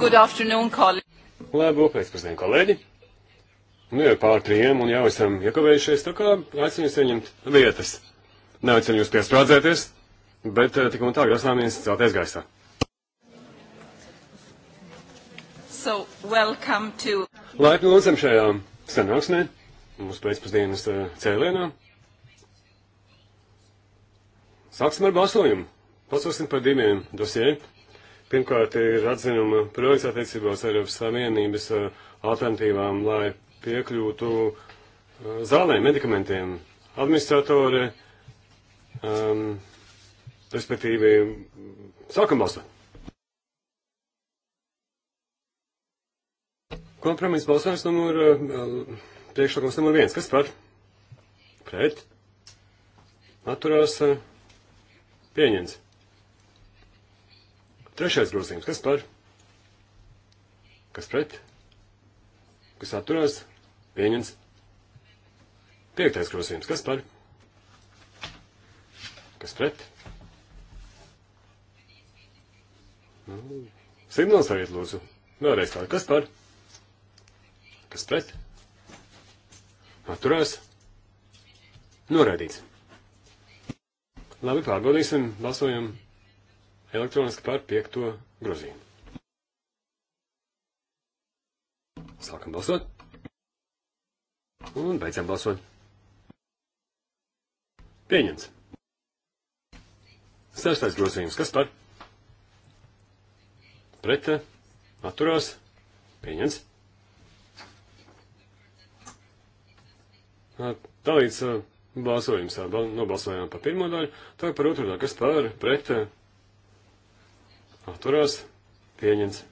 Good afternoon, colleagues. Labu pēcpusdienu, kolēģi. Nu, jau pār trījiem un jau esam iekavējušies, tā kā aicinu jūs ieņemt vietas. Neaicinu jūs piesprādzēties, bet eh, tik un tā grasāmies celties gaisā. So, welcome to... Laipni lūdzam šajā sanāksmē, mūsu pēcpusdienas eh, cēlienā. Sāksim ar balsojumu. Balsosim par diviem dosiem. Pirmkārt, ir atzinuma projekts attiecībā uz Eiropas Savienības uh, alternatīvām, lai piekļūtu uh, zālēm, medikamentiem. Administratori, um, respektīvi, sākam balsot. Kompromiss balsojums numur, uh, priekšlikums numur viens. Kas par? Pret. Atturās. Pieņems. Trešais grozījums. Kas par? Kas pret? Kas atturās? Pieņems. Piektais grozījums. Kas par? Kas pret? Nu, signāls arī lūdzu. Vēlreiz tā. Kas par? Kas pret? Atturās? Noraidīts. Labi, pārbaudīsim. Balsojam. Elektroniski par piekto grozījumu. Sākam balsot. Un beidzam balsot. Pieņemts. Sestais grozījums. Kas par? Pret. Atturās. Pieņemts. Tā līdz balsojums nobalsojām par pirmo daļu, tā par otro daļu, kas par pret atturās, pieņems.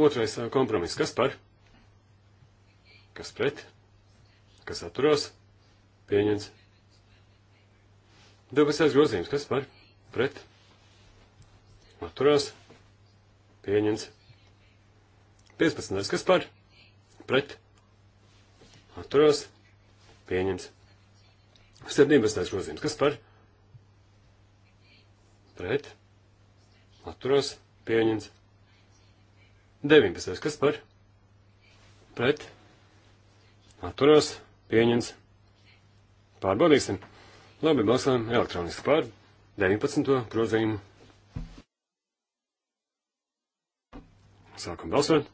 Otrais uh, kompromiss, kas par, kas pret, kas atturās, pieņems. 12. grozījums, kas par, pret, atturās, pieņems. 15. kas par, pret, atturās, pieņems. 17. grozījums, kas par, pret, atturās, pieņems atturos pieņemts. 19. kas par? Pret atturos pieņemts. Pārbaudīsim. Labi, balsojam elektroniski par 19. grozījumu. Sākam balsot.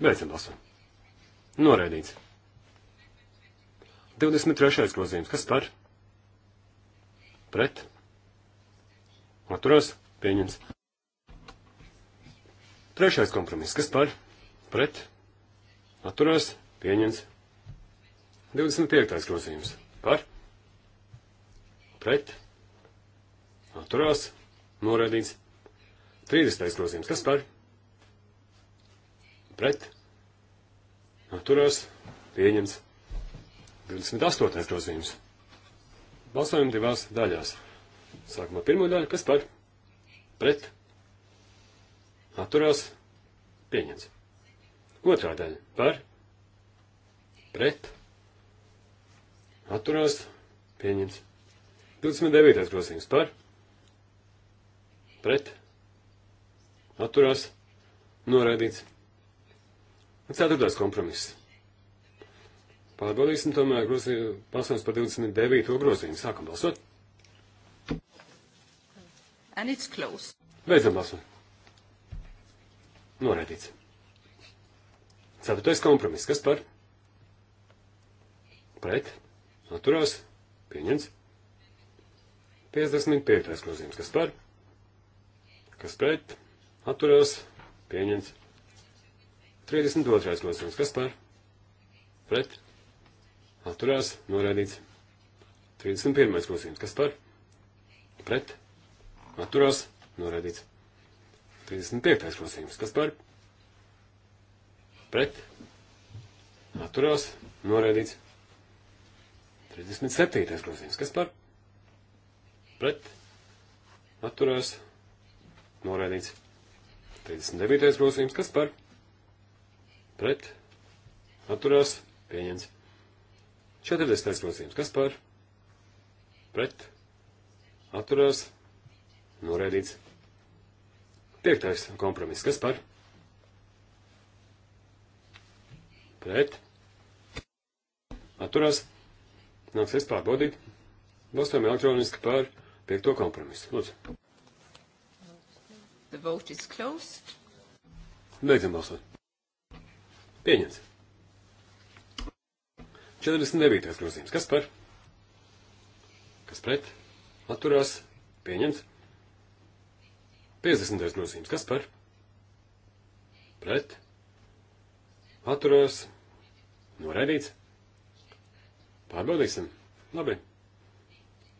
Beidzam balsot. Noraidīts. 23. grozījums. Kas par? Pret. Atturās. Pieņems. Trešais kompromiss. Kas par? Pret. Atturās. Pieņems. 25. grozījums. Par. Pret. Atturās. Noraidīts. 30. grozījums. Kas par? Pret. Atturās. Pieņems. 28. grozījums. Balsojam divās daļās. Sākumā pirmo daļu, kas par pret atturās pieņems. Otrā daļa par pret atturās pieņems. 29. grozījums par pret atturās noraidīts. Ceturtais kompromiss. Pārbaudīsim tomēr grozījumu pasaules par 29. grozījumu. Sākam balsot. And it's closed. Beidzam balsot. Noraidīts. Ceturtais kompromiss. Kas par? Pret. Atturās. Pieņems. 55. grozījums. Kas par? Kas pret? Atturās. Pieņems. 32. grozījums. Kas par? Pret. Atturās. Noraidīts. 31. grozījums. Kas par? Pret atturās, noraidīts. 35. prosījums, kas par pret, atturās, noraidīts. 37. prosījums, kas par pret, atturās, noraidīts. 39. prosījums, kas par pret, atturās, pieņemts. 40. prosījums, kas par pret, atturās, Noraidīts. Piektais kompromiss. Kas par? Pret. Atturās. Nāksies pārbaudīt. Balsojam elektroniski par piekto kompromisu. Lūdzu. The vote is closed. Beidzam balsot. Pieņemts. 49. grozījums. Kas par? Kas pret? Atturās. Pieņemts. 50. grozījums. Kas par? Pret. Atturās. Noraidīts. Pārbaudīsim. Labi.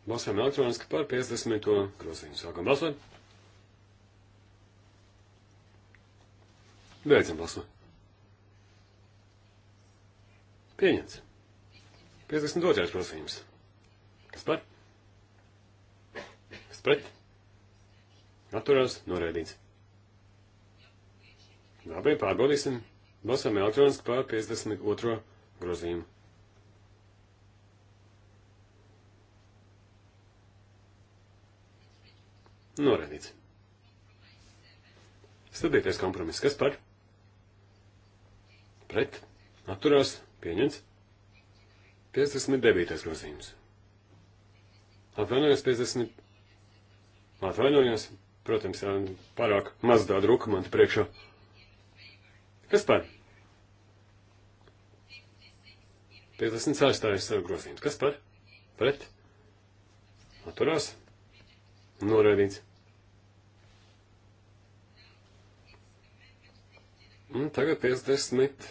Balsojam elektroniski par 50. grozījumu. Sākam balsot. Beidzam balsot. Pieņemts. 52. grozījums. Kas par? Kas pret? Atturās noraidīts. Labi, pārbaudīsim. Balsām elektroniski pār 52. grozījumu. Noraidīts. Stadieties kompromiss. Kas par? Pret. Atturās. Pieņemts. 59. grozījums. Atvainojos 50. Atvainojos. Protams, pārāk maz tādu dokumentu priekšā. Kas par? 56. Eh, grozījums. Kas par? Pret? Atturās? Noraidīts. Un tagad 59.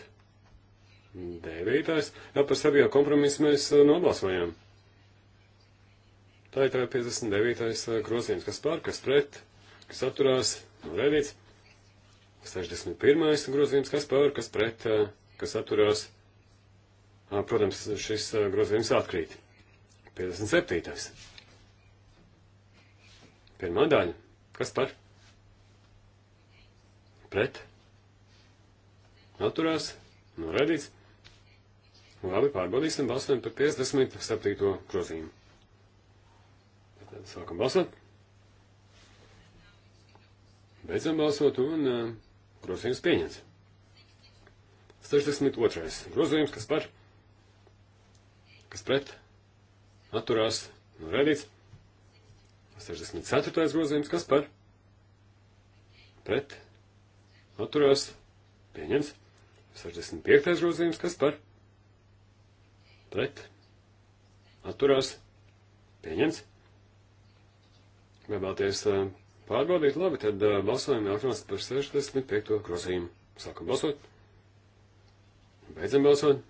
Jā, par sevi jau kompromisu mēs eh, nobalsojām. Tā ir tā 59. Eh, grozījums. Kas par? Kas pret? kas atturās, noraidīts. 61. grozījums, kas pār, kas pret, kas atturās. Protams, šis grozījums atkrīt. 57. Pirmā daļa. Kas par? Pret. Atturās. Noraidīts. Labi, pārbaudīsim, balsojam par 57. grozījumu. Tad sākam balsot. Beidzam balsot un uh, grozījums pieņemts. 62. grozījums, kas par, kas pret, atturās, nu redīts. 64. grozījums, kas par, pret, atturās, pieņems. 65. grozījums, kas par, pret, atturās, pieņems. Vai vēlaties uh, Pārbaudīt, labi, tad uh, balsojam nākamās par 65. grozījumu. Sākam balsot. Beidzam balsot.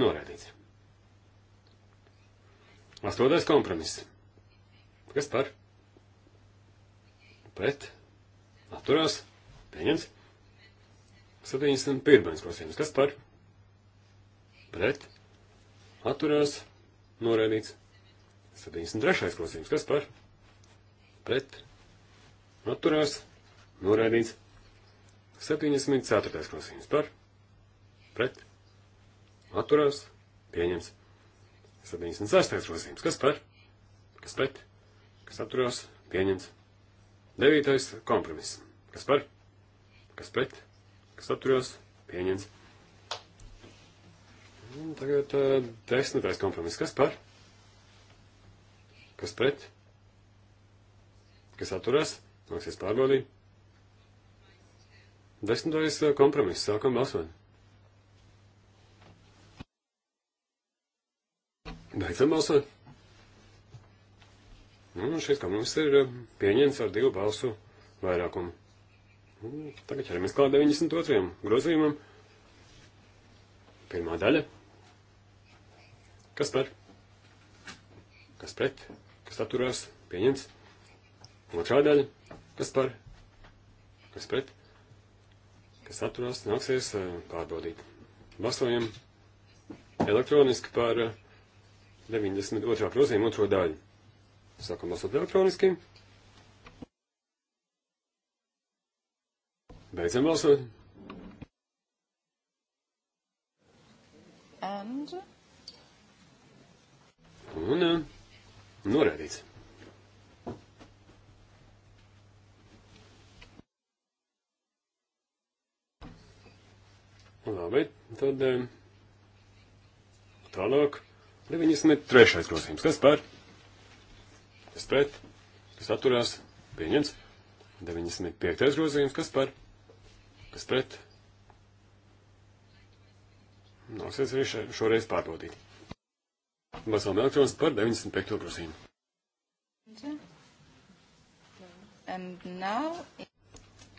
Norēdīts. Astotais kompromiss. Kas par? Pret. Atturās. Pieņems. 71. grozījums. Kas par? Pret. Atturās. Norēdīts. 73. grozījums. Kas par? pret, atturās, noraidīts. 74. klausījums par, pret, atturās, pieņems. 76. klausījums, kas par, kas pret, kas atturās, pieņems. 9. kompromiss, kas par, kas pret, kas atturās, pieņems. Tagad eh, desmitais kompromiss, kas par, kas pret, kas atturās, nāksies pārbaudīt. Desmitais eh, kompromiss, sākam balsot. Beidzam balsot. Nu, un šis kompromiss ir eh, pieņemts ar divu balsu vairākumu. Un nu, tagad ķeramies klāt 92. grozījumam. Pirmā daļa. Kas par? Kas pret? Kas atturās? Pieņemts. Otrā daļa, kas par, kas pret, kas atturās, nāksies eh, pārbaudīt. Balsojam elektroniski par 92. Eh, grozījumu otro daļu. Sākam balsot elektroniski. Beidzam balsot. And? Un eh, norādīts. Labi, tad eh, tālāk. 93. grozījums. Kas par? Kas pret? Kas atturās? Pieņems. 95. grozījums. Kas par? Kas pret? Nāksies arī šoreiz pārbaudīt. Basām elektrons par 95. grozījumu.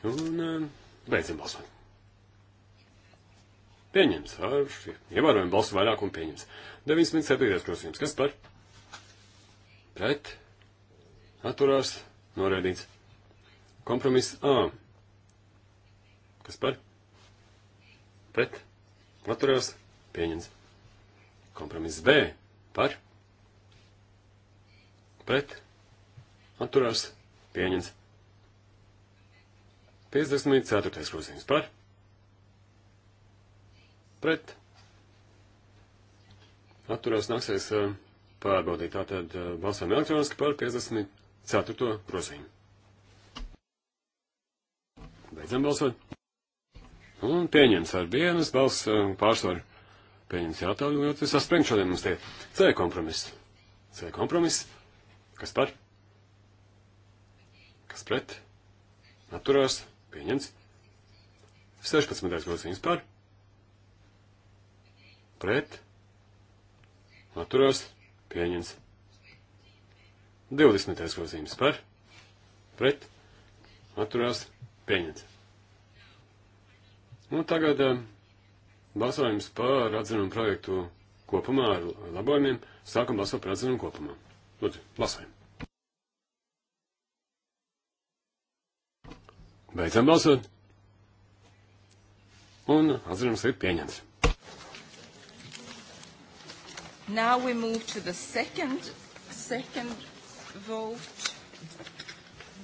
Un eh, beidzam balsot. Pieņems ar ievērojumu balsu vairākumu pieņems. 97. grozījums. Kas par? Pret. Atturās. Noraidīts. Kompromiss A. Kas par? Pret. Atturās. Pieņems. Kompromiss B. Par. Pret. Atturās. Pieņems. 54. grozījums. Par pret. Atturās nāksies pārbaudīt. Tātad balsojam elektroniski par 54. grozījumu. Beidzam balsot. Un pieņems ar vienas balss pārsvaru. Pieņems jātauļu, jo tas saspringts šodien mums tie. C kompromiss. C kompromiss. Kas par? Kas pret? Atturās. Pieņems. 16. grozījums par pret, atturās, pieņems. 20. grozījums par, pret, atturās, pieņems. Un nu, tagad um, balsojums par atzinumu projektu kopumā ar labojumiem. Sākam balsot par atzinumu kopumā. Lūdzu, balsojam. Beidzam balsot. Un atzinums ir pieņemts. Now we move to the second, second vote,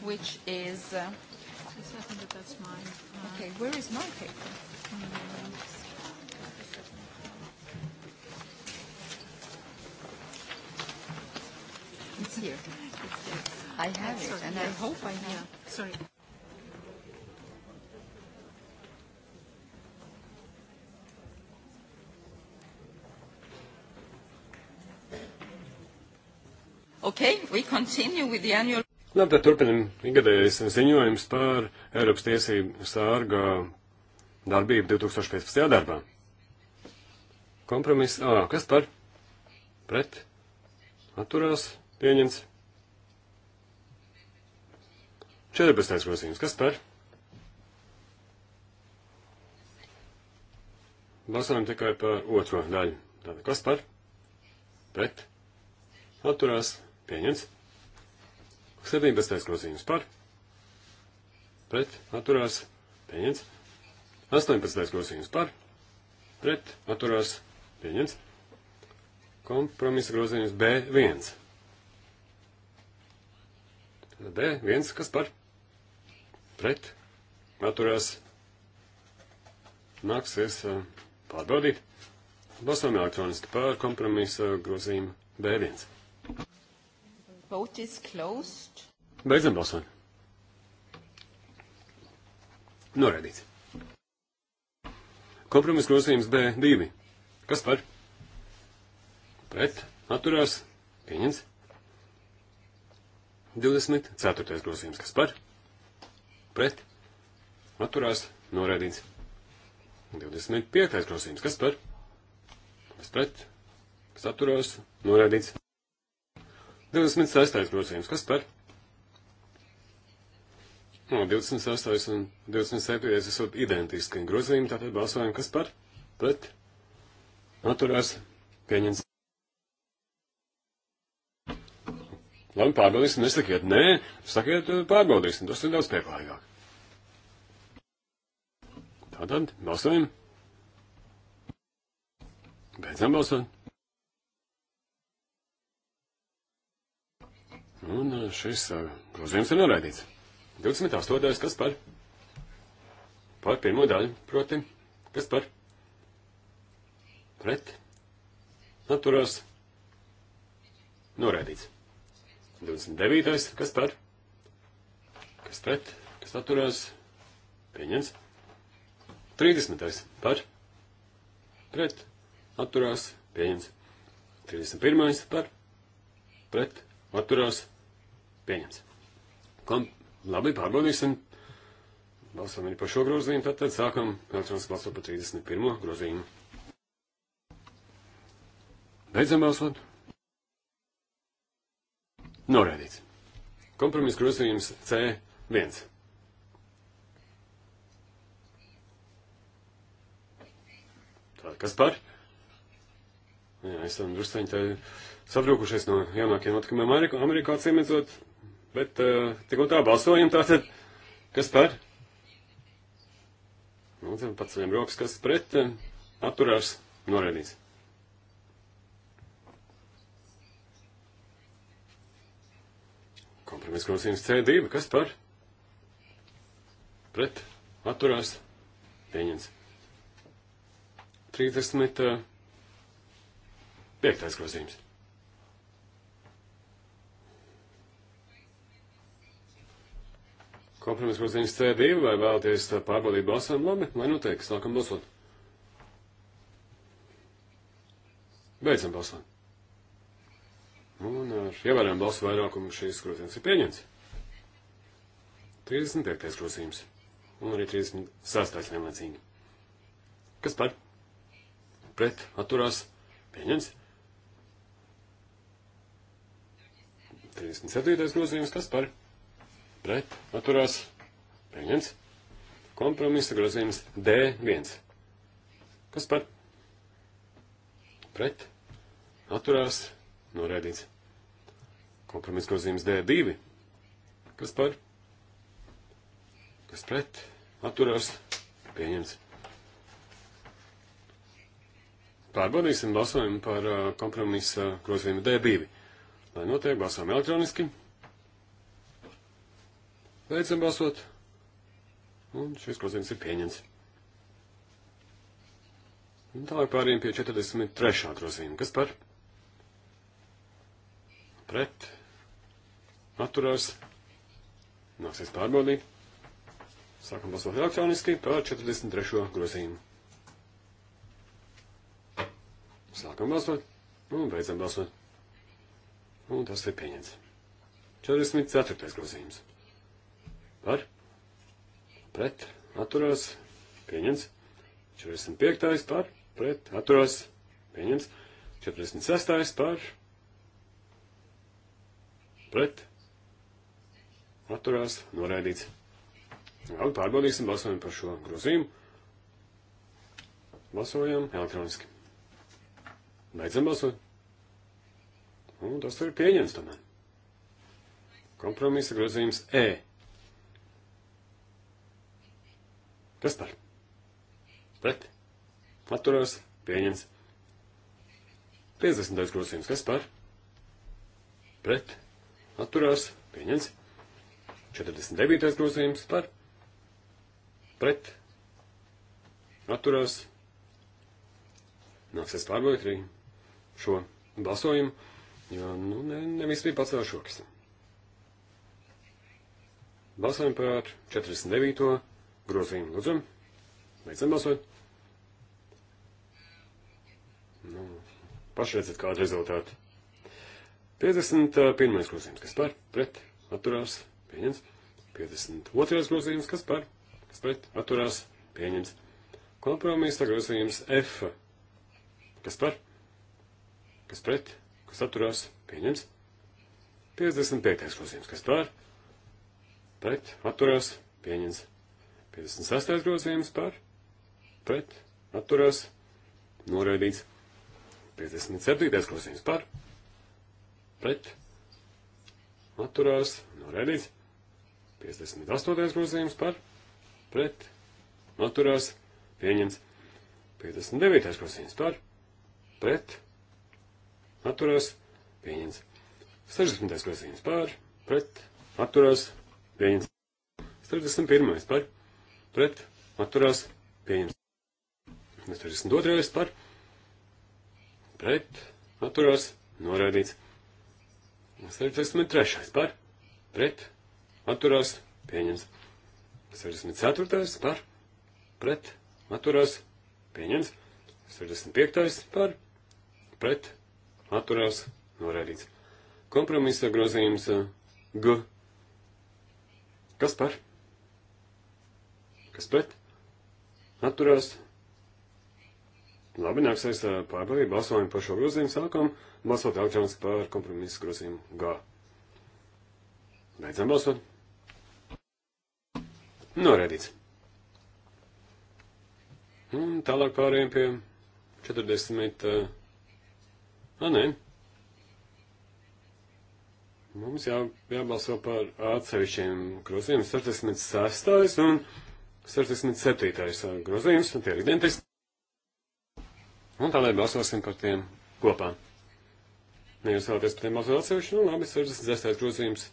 which is... Uh, Just I think that that's mine. Uh, okay, where is my paper? Mm. It's here. It's here. I have it, and I hope I have. Yeah. Sorry. Okay, we continue with the annual. Nā, nu, tad turpinam ikgadējais ziņojums par Eiropas tiesību sārga darbību 2015. darbā. Kompromiss A. Kas par? Pret? Atturās? Pieņems? 14. grozījums. Kas par? Balsojam tikai par otro daļu. Tātad, kas par? Pret? Atturās? Pieņemts. 17. grozījums par. Pret. Atturās. Pieņemts. 18. grozījums par. Pret. Atturās. Pieņemts. Kompromisa grozījums B1. B1. Kas par? Pret. Atturās. Nāksies pārbaudīt. Balsojam elektroniski par kompromisa grozījumu B1. Vote is closed. Beidzam balsot. Noraidīts. Kompromis grozījums B2. Kas par? Pret. Atturās. Pieņems. 24. grozījums. Kas par? Pret. Atturās. Noraidīts. 25. grozījums. Kas par? Kas pret? Kas atturās? Noraidīts. 26. grozījums. Kas par? No, 26. un 27. esot identiski grozījumi, tātad balsojam, kas par? Pret? Atturās? Pieņems. Labi, pārbaudīsim, nesakiet nē, sakiet pārbaudīsim, tas ir daudz pieklājīgāk. Tātad, balsojam. Beidzam balsot. Un eh, šis eh, grozījums ir noraidīts. 28. kas par? Par pirmo daļu, proti. Kas par? Pret. Atturās. Noraidīts. 29. kas par? Kas pret? Kas atturās? Pieņems. 30. par? Pret. Atturās. Pieņems. 31. par? Pret. Atturās. Pieņems. Kom, labi, pārbaudīsim. Balsam arī par šo grozījumu, tad, tad sākam elektroniski balsot par 31. grozījumu. Beidzam balsot. Norēdīts. Kompromiss grozījums C1. Tā, kas par? Jā, esam drusceņi te sabrūkušies no jaunākiem notikumiem Amerikā, Amerikā ciemedzot. Bet tik un tā balsojam tātad, kas par? Nu, pats viņam rokas, kas pret atturās norēdīs. Kompromiss grozījums C2, kas par? Pret atturās pieņems. 35. grozījums. Kompromiss grozījums C2, vai vēlaties pārbaudīt balsojumu labi, lai nu teiks, nākam balsot. Beidzam balsot. Un ar ievērām balsu vairākumu šīs grozījums ir pieņemts. 35. grozījums. Un arī 36. vienlaicīgi. Kas par? Pret, atturās, pieņems. 37. grozījums, kas par? pret, atturās, pieņems. Kompromisa grozījums D1. Kas par? Pret, atturās, norēdīts. Kompromisa grozījums D2. Kas par? Kas pret, atturās, pieņems. Pārbaudīsim balsojumu par uh, kompromisa grozījumu D2. Lai notiek, balsojam elektroniski. Beidzam balsot. Un šis grozījums ir pieņemts. Un tālāk pārējiem pie 43. grozījuma. Kas par? Pret. Atturās. Nāksies pārbaudīt. Sākam balsot elektroniski par 43. grozījumu. Sākam balsot un beidzam balsot. Un tas ir pieņemts. 44. grozījums. Par. Pret. Atturās. Pieņems. 45. Par. Pret. Atturās. Pieņems. 46. Par. Pret. Atturās. Noraidīts. Labi, pārbaudīsim, balsojam par šo grozījumu. Balsojam elektroniski. Beidzam balsot. Un tas ir pieņems tomēr. Kompromisa grozījums E. Kas par? Pret. Atturās. Pieņems. 50. grozījums. Kas par? Pret. Atturās. Pieņems. 49. grozījums par. Pret. Atturās. Nāksies pārbaudīt arī šo balsojumu, jo nu, ne, nevis bija pats vēl šoks. Balsojam par 49 grozījumu. Lūdzu, beidzam balsot. Nu, paši redzat, kāda rezultāta. Uh, 51. grozījums, kas par, pret, atturās, pieņems. 52. grozījums, kas par, kas pret, atturās, pieņems. Kompromisa grozījums F, kas par, kas pret, kas atturās, pieņems. 55. grozījums, kas par, pret, atturās, pieņems. 56. grozījums par, pret, atturās, noraidīts. 57. grozījums par, pret, atturās, noraidīts. 58. grozījums par, pret, atturās, pieņemts. 59. grozījums par, pret, atturās, pieņemts. 60. grozījums par, pret, atturās, pieņemts. 41. par, pret atturās pieņems. 62. par pret atturās noraidīts. 63. par pret atturās pieņems. 64. par pret atturās pieņems. 65. par pret atturās noraidīts. Kompromisa grozījums uh, G. Kas par? Kas pret? Atturās. Labi, nāksies pārbaudīt balsojumu par šo grozījumu. Sākam balsot elektroniski par kompromisu grozījumu G. Beidzam balsot. Norēdīts. Un tālāk pārējiem pie 40. Uh, a, nē. Mums jā, jābalso par atsevišķiem grozījumiem. 46. un 67. grozījums, un tie ir identiski. Un tālāk balsosim par tiem kopā. Ja jūs vēlaties par tiem balsot atsevišķi, nu labi, 66. grozījums.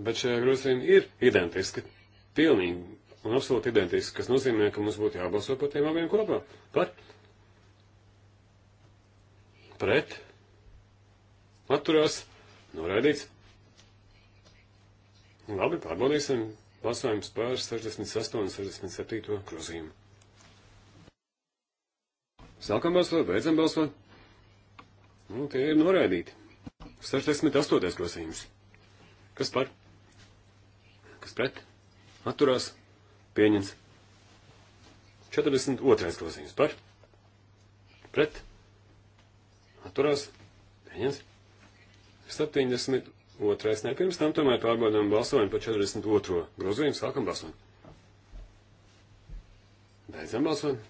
Bet šie grozījumi ir identiski, pilnīgi un absolūti identiski, kas nozīmē, ka mums būtu jābalso par tiem abiem kopā. Par? Pret? Atturās? Noraidīts? Nu, labi, pārbaudīsim balsojums par 68 un 67 grozījumu. Sākam balsot, beidzam balsot. Nu, tie ir noraidīti. 68. grozījums. Kas par? Kas pret? Atturās. Pieņems. 42. grozījums. Par? Pret? Atturās. Pieņems. 70. Otrais ne pirms tam, tomēr pārbaudām balsojumu par 42. grozījumu. Sākam balsot. Beidzam balsot.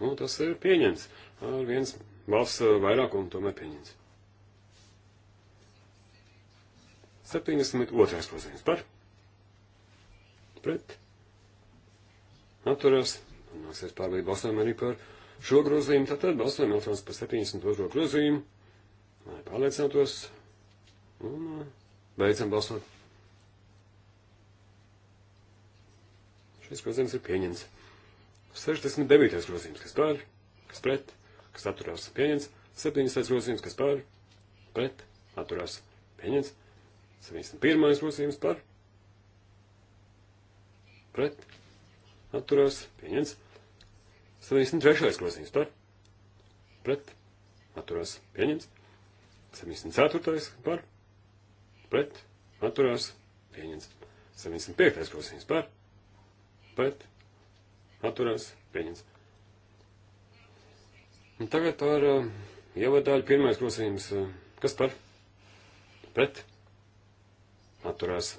Nu, tas ir pieņems. Ar viens balss eh, vairākumu tomēr pieņems. 72. grozījums par. Pret. Atturās. Nāksies pārbaudīt balsojumu arī par šo grozījumu. Tātad balsojam elektroniski par 72. grozījumu. Lai pārliecinātos, Un uh, beidzam balsot. Šis grozījums ir pieņemts. 69. grozījums, kas pār, kas pret, kas atturās, pieņemts. 70. grozījums, kas pār, pret, atturās, pieņemts. 71. grozījums par, pret, atturās, pieņemts. 73. grozījums par, pret, atturās, pieņemts. 74. par, pret, atturās, pieņems. 75. grozījums par, pret, atturās, pieņems. Un tagad par uh, um, ievadāļu pirmais grozījums. Uh, kas par? Pret, atturās,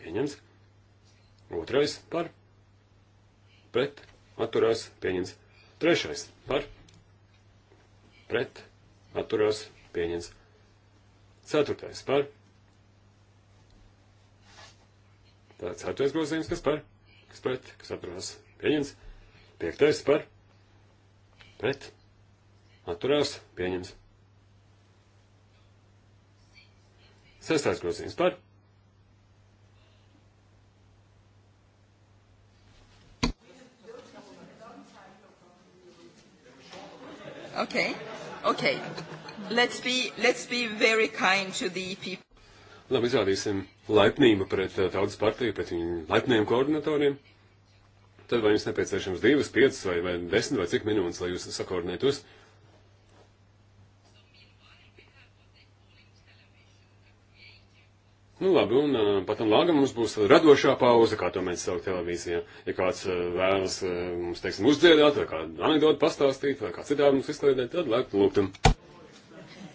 pieņems. Otrais par, pret, atturās, pieņems. Trešais par, pret, atturās, pieņems. Ceturtais par. Tātad ceturtais grozījums, kas par, kas pret, kas atturās pieņems. Piektais par, pret, atturās pieņems. Sestais grozījums par. Okay. Okay. Let's be, let's be very kind to the people. Labi, izrādīsim laipnību pret uh, tautas partiju, pret viņu laipniem koordinatoriem. Tad vai jums nepieciešams divas, piecas vai, vai desmit vai cik minūtes, lai jūs sakoordinētos? Nu, labi, un uh, patam lāgam mums būs radošā pauze, kā to mēs sauc televīzijā. Ja kāds uh, vēlas uh, mums, teiksim, uzdziedāt, vai kādu anekdotu pastāstīt, vai kā citādi mums izklaidēt, tad lēkt lūgtam.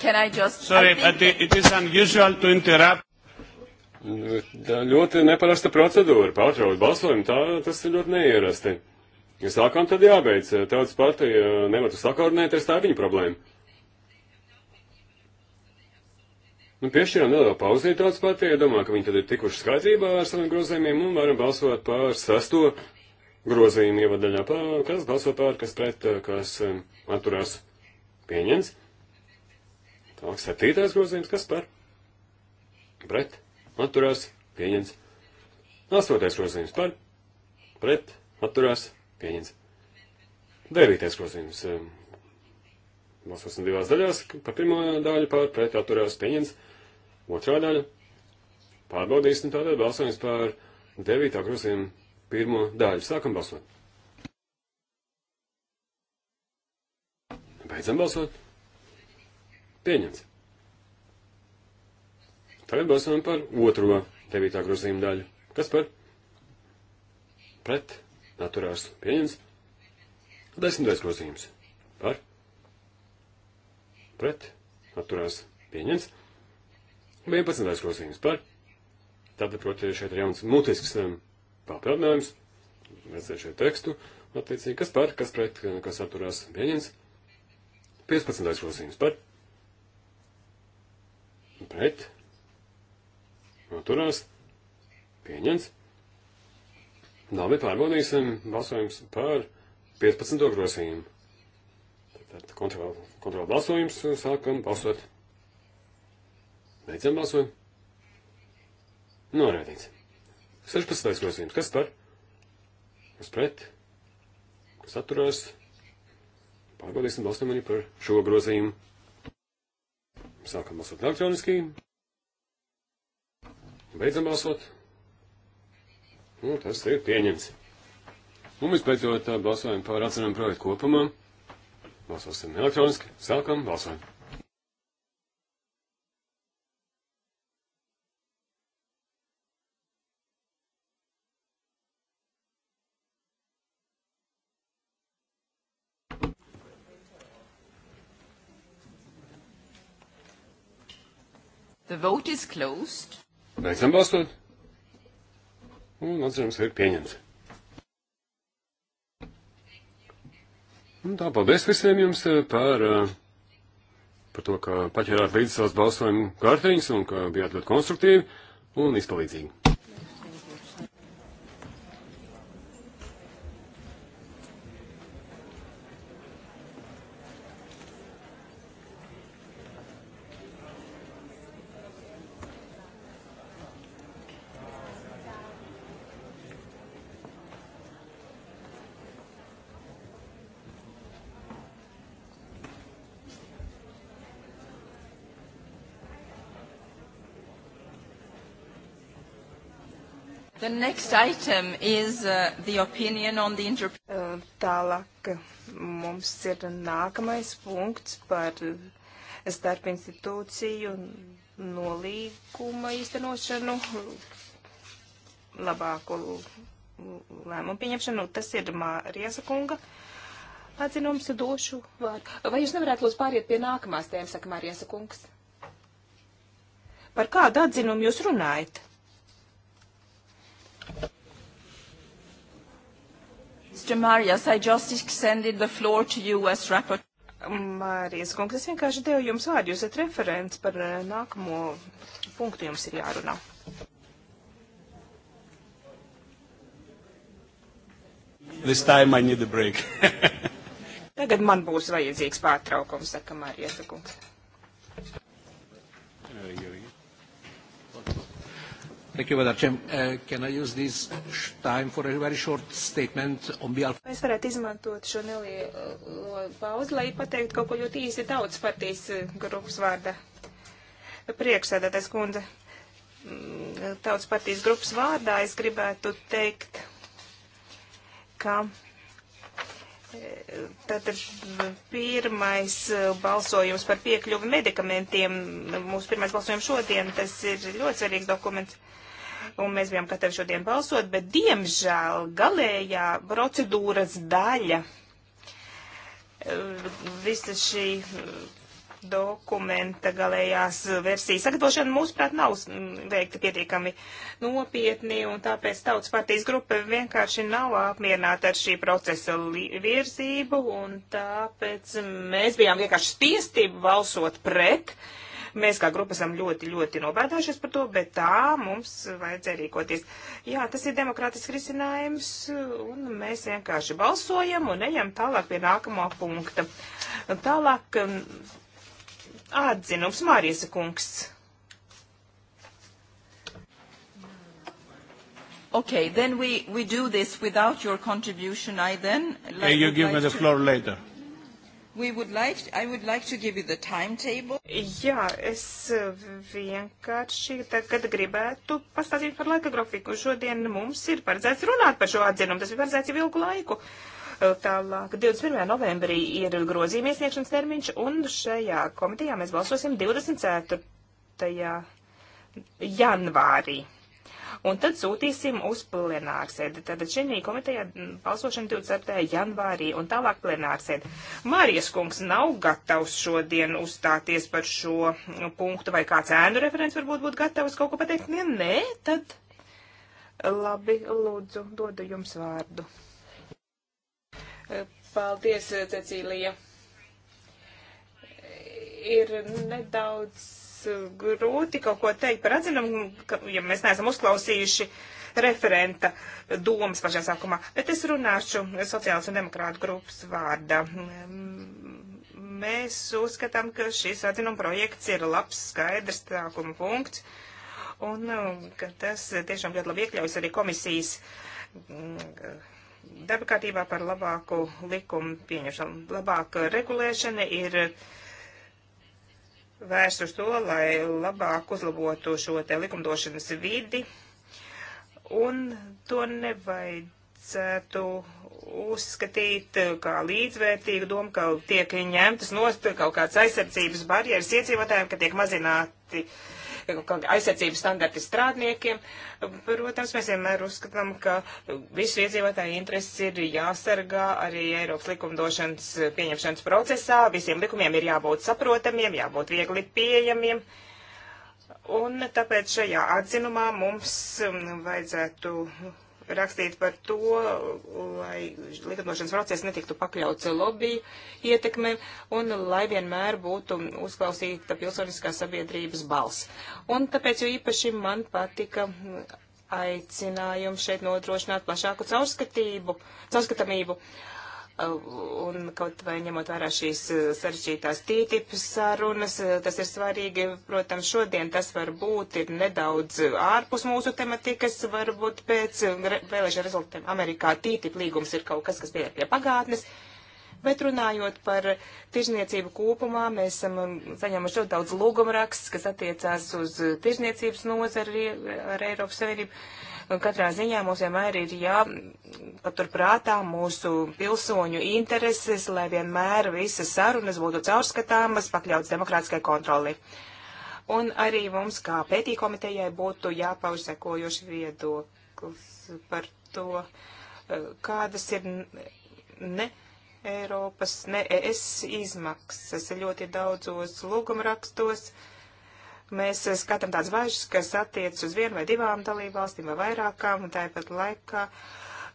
can I just... Sorry, I think... but it is unusual to interrupt. Tā ļoti neparasta procedūra, pārtraukt balsojumu, tā tas ir ļoti neierasti. Ja sākām, tad jābeidz. Tautas partija uh, nevar to sakoordinēties, tā ir viņa problēma. Nu, piešķiram nelielu pauzīti tautas partijai, domāju, ka viņi tad ir tikuši skaidrībā ar saviem grozījumiem un varam balsot par sesto grozījumu ievadaļā, kas balso par, kas pret, uh, kas um, atturās pieņems. Tālāk septītais grozījums, kas par? Pret, atturās, pieņems. Astotais grozījums par? Pret, atturās, pieņems. Devītais grozījums. Balsosim divās daļās. Par pirmo daļu par pret, atturās, pieņems. Otrā daļa. Pārbaudīsim tātad balsojums par devītā grozījuma pirmo daļu. Sākam balsot. Beidzam balsot. Pieņemts. Tagad balsojam par otro devītā grozījuma daļu. Kas par? Pret. Naturāls. Pieņems. Desmitais grozījums. Par. Pret. Naturāls. Pieņems. Vienpadsmitais grozījums. Par. Tātad, proti, šeit ir jauns mutisks um, papildinājums. Redzēt šeit tekstu. Attiecīgi, kas par, kas pret, kas atturās. Pieņems. 15. grozījums. Par pret. Turās. Pieņems. Labi, pārbaudīsim balsojums par 15. grozījumu. Tad kontrola, kontrola balsojums sākam balsot. Beidzam balsojumu. Norādīts. 16. grozījums. Kas par? Kas pret? Kas atturās? Pārbaudīsim balsojumu arī par šo grozījumu. Sākam balsot elektroniski. Beidzam balsot. Un nu, tas ir pieņemts. Un nu, visbeidzot balsojam par atcenumu projektu kopumā. Balsosim elektroniski. Sākam balsojumu. vote is closed. Beidzam balsot. Un atzinums ir pieņemts. Un tā, paldies visiem jums eh, par, eh, par to, ka paķērāt līdzi savas balsojuma kārtiņas un ka bijāt ļoti konstruktīvi un izpalīdzīgi. next item is uh, the opinion on the inter... Uh, tālāk uh, mums ir nākamais punkts par uh, starp institūciju nolīguma īstenošanu, labāku lēmumu pieņemšanu. Tas ir Mārijas kunga atzinums, došu vārdu. Vai jūs nevarētu lūdzu pāriet pie nākamās tēmas, saka Mārijas kungs? Par kādu atzinumu jūs runājat? Mr. Marijas, I just extended the floor to you as rapporteur. Mārijas kungs, es vienkārši devu jums vārdu, jūs esat referents par eh, nākamo punktu, jums ir jārunā. This time I need a break. Tagad man būs vajadzīgs pārtraukums, saka Mārijas kungs. There you go. Thank you, Madam Chair. Uh, can I use this time for a very short statement on behalf? Mēs varētu izmantot šo nelielo pauzi, lai pateiktu kaut ko ļoti īsi tautas partijas uh, grupas vārdā. Priekšsēdētais kundze, mm, tautas partijas grupas vārdā es gribētu teikt, ka Tātad eh, pirmais uh, balsojums par piekļuvu medikamentiem, mūsu pirmais balsojums šodien, tas ir ļoti svarīgs dokuments un mēs bijām gatavi šodien balsot, bet diemžēl galējā procedūras daļa, eh, visa šī eh, dokumenta galējās versijas sagatavošana, mūsuprāt, nav mm, veikta pietiekami nopietni, un tāpēc Tautas partijas grupa vienkārši nav apmierināta ar šī procesa virzību, un tāpēc mēs bijām vienkārši spiesti balsot pret. Uh, Mēs kā grupa esam ļoti, ļoti nobēdājušies par to, bet tā mums vajadzēja rīkoties. Jā, tas ir demokrātisks risinājums, un mēs vienkārši balsojam un ejam tālāk pie nākamā punkta. Tālāk um, atzinums Mārijas kungs. Okay, then we, we do this without your contribution, I then... Like, hey, you give like me the to... floor later. Like, I would like to give you the timetable. Jā, es vienkārši tagad gribētu pastāstīt par laika grafiku. Šodien mums ir paredzēts runāt par šo atzinumu. Tas ir paredzēts jau ilgu laiku. Tālāk, 21. novembrī ir grozījuma iesniegšanas termiņš, un šajā komitejā mēs balsosim 24. janvārī un tad sūtīsim uz plenārsēdi. Tātad šī komiteja mm, balsošana 27. janvārī un tālāk plenārsēdi. Mārijas kungs nav gatavs šodien uzstāties par šo mm, punktu, vai kāds ēnu referents varbūt būtu gatavs kaut ko pateikt? Ja nē, tad labi, lūdzu, dodu jums vārdu. Paldies, Cecīlija. Ir nedaudz grūti kaut ko teikt par atzinumu, ja mēs neesam uzklausījuši referenta domas pašā sākumā. Bet es runāšu sociālas un demokrātu grupas vārdā. Mēs uzskatām, ka šis atzinuma projekts ir labs, skaidrs sākuma punkts, un um, ka tas tiešām ļoti labi iekļaujas arī komisijas mm, darba kārtībā par labāku likumu pieņemšanu. Labāka regulēšana ir vērst uz to, lai labāk uzlabotu šo te likumdošanas vidi, un to nevajadzētu uzskatīt kā līdzvērtīgu domu, ka tiek ņemtas nost kaut kāds aizsardzības barjeras iedzīvotājiem, ka tiek mazināti uh, aizsardzības standarti strādniekiem. Protams, mēs vienmēr uzskatām, ka visu iedzīvotāju intereses ir jāsargā arī Eiropas likumdošanas pieņemšanas procesā. Visiem likumiem ir jābūt saprotamiem, jābūt viegli pieejamiem. Un tāpēc šajā atzinumā mums mm, vajadzētu rakstīt par to, lai likumdošanas process netiktu pakļauts lobby ietekmēm un lai vienmēr būtu uzklausīta pilsoniskā sabiedrības balss. Un tāpēc jo īpaši man patika aicinājums šeit nodrošināt plašāku caurskatību, caurskatamību. Uh, un kaut vai ņemot vērā šīs uh, sarežģītās tītipas sarunas, uh, tas ir svarīgi. Protams, šodien tas varbūt ir nedaudz ārpus mūsu tematikas, varbūt pēc uh, vēlēšana rezultatiem Amerikā tītip līgums ir kaut kas, kas pieder pie pagātnes. Bet runājot par tirzniecību kopumā, mēs esam um, saņēmuši ļoti daudz lūgumrakstus, kas attiecās uz tirzniecības nozari ar Eiropas Savienību. Katrā ziņā mums vienmēr ir jāpaturprātā mūsu pilsoņu intereses, lai vienmēr visas sarunas būtu caurskatāmas, pakļautas demokrātiskai kontroli. Un arī mums, kā pētī komitejai, būtu jāpauž sekojoši viedoklis par to, eh, kādas ir ne Eiropas, ne ES izmaksas ļoti daudzos lūgumrakstos. rakstos Mēs eh, skatām tādas bažas, kas attiec uz vienu vai divām dalībvalstīm vai vairākām, un tāpat laikā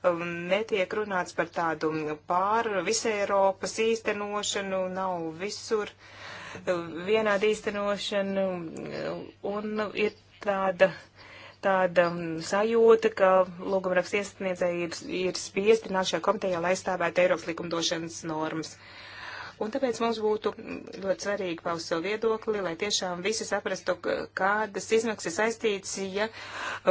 um, netiek runāts par tādu pār visai Eiropas īstenošanu, nav visur um, vienāda īstenošana, un um, ir tāda tāda sajūta, ka lūgumraksta iesniedzēji ir, ir spiesti nākt šajā komitejā, lai aizstāvētu Eiropas likumdošanas normas. Uh, Un tāpēc mums būtu ļoti svarīgi paust savu viedokli, lai tiešām visi saprastu, kādas izmaksas saistītas, ja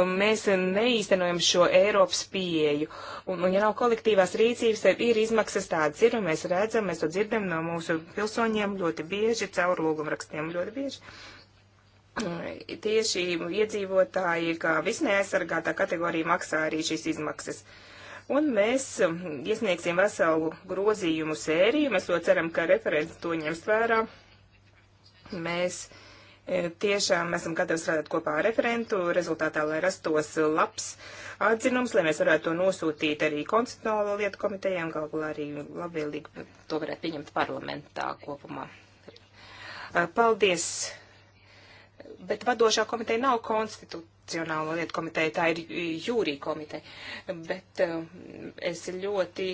um, mēs neīstenojam šo Eiropas pieeju. Un, un ja nav kolektīvās rīcības, tad ir izmaksas tādas ir, un mēs redzam, mēs to dzirdam no mūsu pilsoņiem ļoti bieži, caur lūgumrakstiem ļoti bieži mm, tieši iedzīvotāji, kā visneaizsargātā kategorija, maksā arī šīs izmaksas. Un mēs um, iesniegsim veselu grozījumu sēriju. Mēs to ceram, ka referents to ņems vērā. Mēs e, tiešām esam gatavi strādāt kopā ar referentu, rezultātā, lai rastos labs atzinums, lai mēs varētu to nosūtīt arī konstitucionālo lietu komitejām, gal galā arī labvēlīgi to varētu pieņemt parlamentā kopumā. E, paldies! Bet vadošā komiteja nav konstitucionāla Nacionālo lietu komiteja, tā ir jūrija komiteja. Bet eh, es ļoti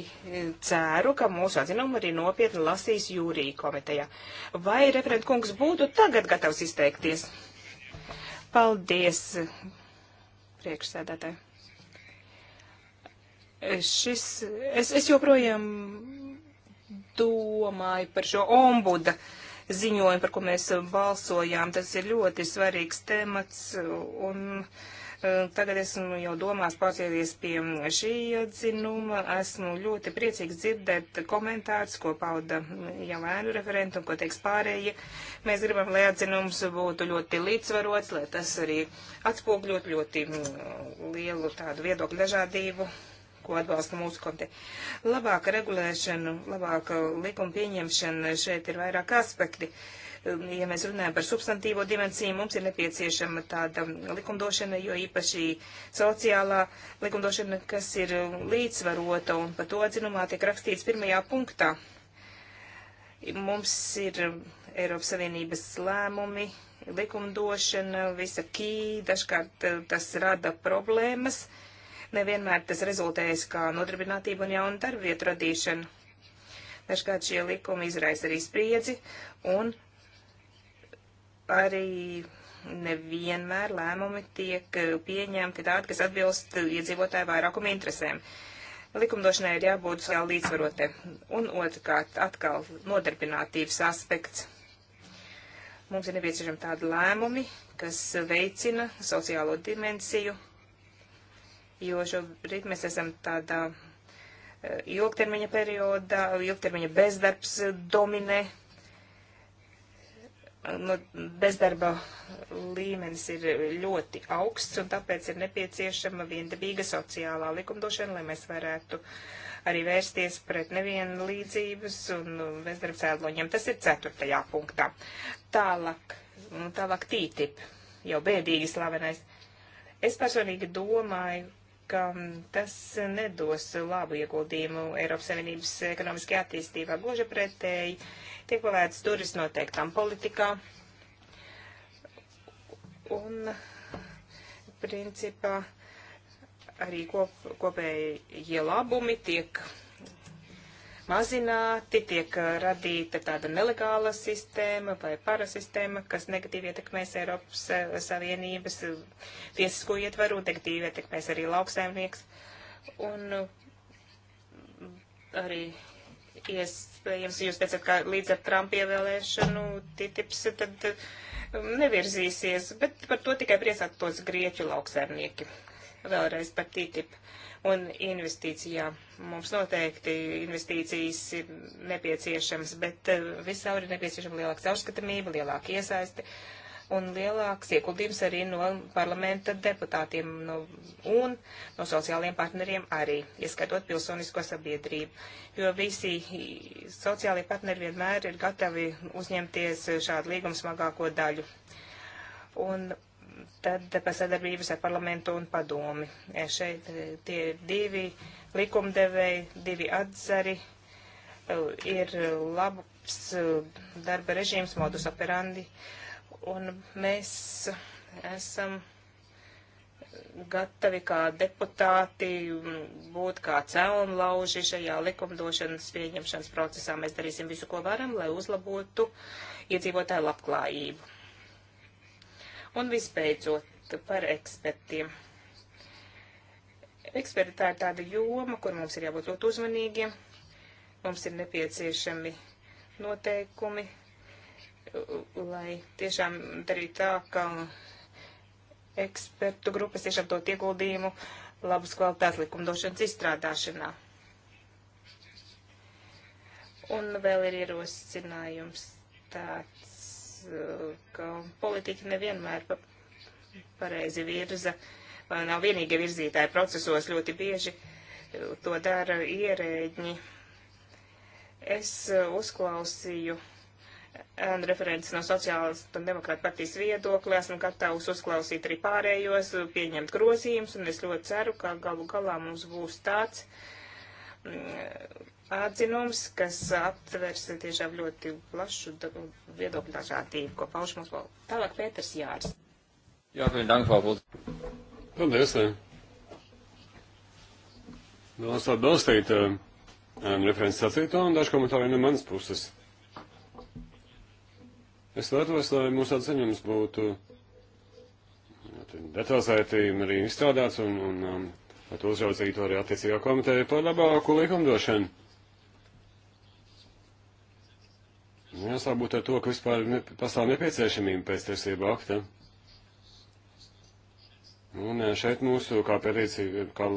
ceru, ka mūsu atzinumu arī nopietni lasīs jūrija komiteja. Vai referent kungs būtu tagad gatavs izteikties? Paldies, priekšsēdētāji. Šis, es, es joprojām domāju par šo ombuda. Uh, ziņojumu, par ko mēs uh, balsojām. Tas ir ļoti svarīgs temats. Un, uh, Tagad esmu jau domās pārcēlies pie um, šī atzinuma. Esmu ļoti priecīgs dzirdēt komentārus, ko pauda um, jau ēnu referentu un ko teiks pārējie. Mēs gribam, lai atzinums būtu ļoti līdzsvarots, lai tas arī atspogļot ļoti um, lielu tādu viedokļu dažādību ko atbalsta mūsu komiteja. Labāka regulēšana, labāka likuma pieņemšana, šeit ir vairāk aspekti. Um, ja mēs runājam par substantīvo dimensiju, mums ir nepieciešama tāda likumdošana, jo īpaši sociālā likumdošana, kas ir līdzsvarota, un par to atzinumā tiek rakstīts pirmajā punktā. Mums ir Eiropas Savienības lēmumi, likumdošana, visa kī, dažkārt eh, tas rada problēmas. Uh, Nevienmēr tas rezultējas kā nodarbinātība un jauna darbvietu radīšana. Dažkārt šie likumi izraisa arī spriedzi un arī nevienmēr lēmumi tiek pieņemti tādi, kas atbilst iedzīvotāju vairākumu interesēm. Likumdošanai ir jābūt sociāli līdzvarotē. Un otrkārt, atkal nodarbinātības aspekts. Mums ir nepieciešami tādi lēmumi, kas veicina sociālo dimensiju jo šobrīd mēs esam tādā eh, ilgtermiņa periodā, ilgtermiņa bezdarbs dominē. Nu, bezdarba līmenis ir ļoti augsts, un tāpēc ir nepieciešama viendabīga sociālā likumdošana, lai mēs varētu arī vērsties pret nevienlīdzības un bezdarba cēloņiem. Tas ir ceturtajā punktā. Tālāk, tālāk tītip, jau bēdīgi slavenais. Es personīgi domāju, ka tas nedos labu ieguldījumu Eiropas Savienības ekonomiskajā attīstībā. Gluži pretēji tiek pavērts durvis noteiktām politikā. Un, principā, arī kop, kopējie labumi tiek mazināti, tiek radīta tāda nelegāla sistēma vai parasistēma, kas negatīvi ietekmēs Eiropas Savienības tiesisko ietvaru, negatīvi ietekmēs arī lauksaimnieks. Un arī iespējams jūs teicat, ka līdz ar Trumpa ievēlēšanu TTIPs tad nevirzīsies, bet par to tikai priecātos grieķu lauksēmnieki. Vēlreiz par TTIP un investīcijām. Mums noteikti investīcijas ir nepieciešams, bet eh, visaur ir nepieciešama lielāka caurskatamība, lielāka iesaisti un lielāks ieguldījums arī no parlamenta deputātiem no, un no sociālajiem partneriem arī, ieskatot pilsonisko sabiedrību. Jo visi sociālie partneri vienmēr ir gatavi uzņemties šādu līgumu smagāko daļu. Un tad par sadarbības ar parlamentu un padomi. E, šeit e, tie ir divi likumdevēji, divi atzari, e, ir labs darba režīms, modus operandi, un mēs esam gatavi kā deputāti būt kā celmlauži šajā likumdošanas pieņemšanas procesā. Mēs darīsim visu, ko varam, lai uzlabotu iedzīvotāju labklājību Un visbeidzot par ekspertiem. Eksperti tā ir tāda joma, kur mums ir jābūt ļoti uzmanīgiem. Mums ir nepieciešami noteikumi, lai tiešām darītu tā, ka ekspertu grupas tiešām dot ieguldījumu labas kvalitātes likumdošanas izstrādāšanā. Un vēl ir ierosinājums tāds, ka politika nevienmēr pa, pareizi virza, nav vienīgie virzītāji procesos, ļoti bieži uh, to dara ierēģi. Es uh, uzklausīju un uh, referents no sociālas un demokrāta partijas viedokli, esmu gatavs uzklausīt arī pārējos, pieņemt grozījumus, un es ļoti ceru, ka galu galā mums būs tāds uh, atzinums, kas aptvers tiešām ļoti plašu viedokļu dažādību, ko pauž mums vēl tālāk Pēters Jārs. Jā, dank, Paldies! Eh. Vēlos atbalstīt um, eh, referents sacīto un dažu komentāru no manas puses. Es vēlos, lai mūsu atziņums būtu eh, detalizēti arī izstrādāts un, un um, lai to uzraudzītu arī attiecīgā komiteja par labāku likumdošanu. Nu, jāsāk būt ar to, ka vispār ne, pastāv nepieciešamība pēc tiesību akta. Un eh, šeit mūsu, kā pēdīcija, kā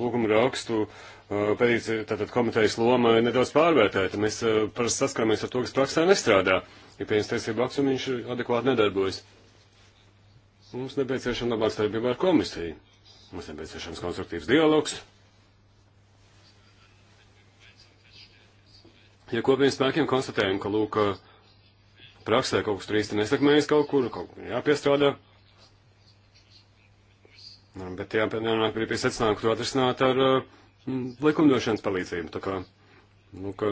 lūguma rakstu, eh, pēdīcija, tātad komitejas loma ir nedaudz pārvērtēta. Mēs eh, parasti saskaramies ar to, kas praksē nestrādā. Ja pieņems tiesību akts un viņš adekvāti nedarbojas. Mums nepieciešama labāk starpība ar komisiju. Mums ir nepieciešams konstruktīvs dialogs. Ja kopiem spēkiem konstatējam, ka, lūk, praksē kaut kas tur īsti nesakmējas kaut kur, kaut kur jāpiestrādā, nu, bet jānāk pie secinājuma, ka to atrisināt ar mm, likumdošanas palīdzību. Tā kā, nu, ka,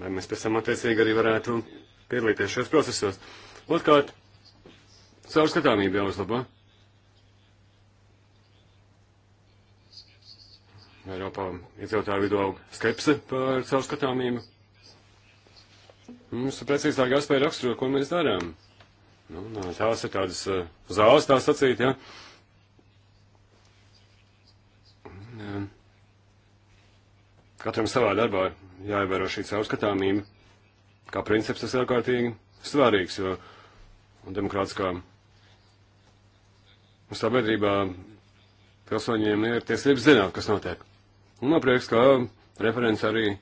lai mēs pēc tam attiecīgi arī varētu piedalīties šajos procesos. Otkārt, caurskatāmība jāuzlabo. Eiropā iedzīvotāju vidū aug skepse par caurskatāmību. Mums ir precīzāk jāspēj raksturot, ko mēs darām. Nu, tās ir tādas zāles, tā sacīt, ja. jā. Katram savā darbā jāievēro šī caurskatāmība. Kā princips tas ir ārkārtīgi svarīgs, jo demokrātiskā sabiedrībā pilsoņiem ir tiesības zināt, kas notiek. Un man prieks, ka referents arī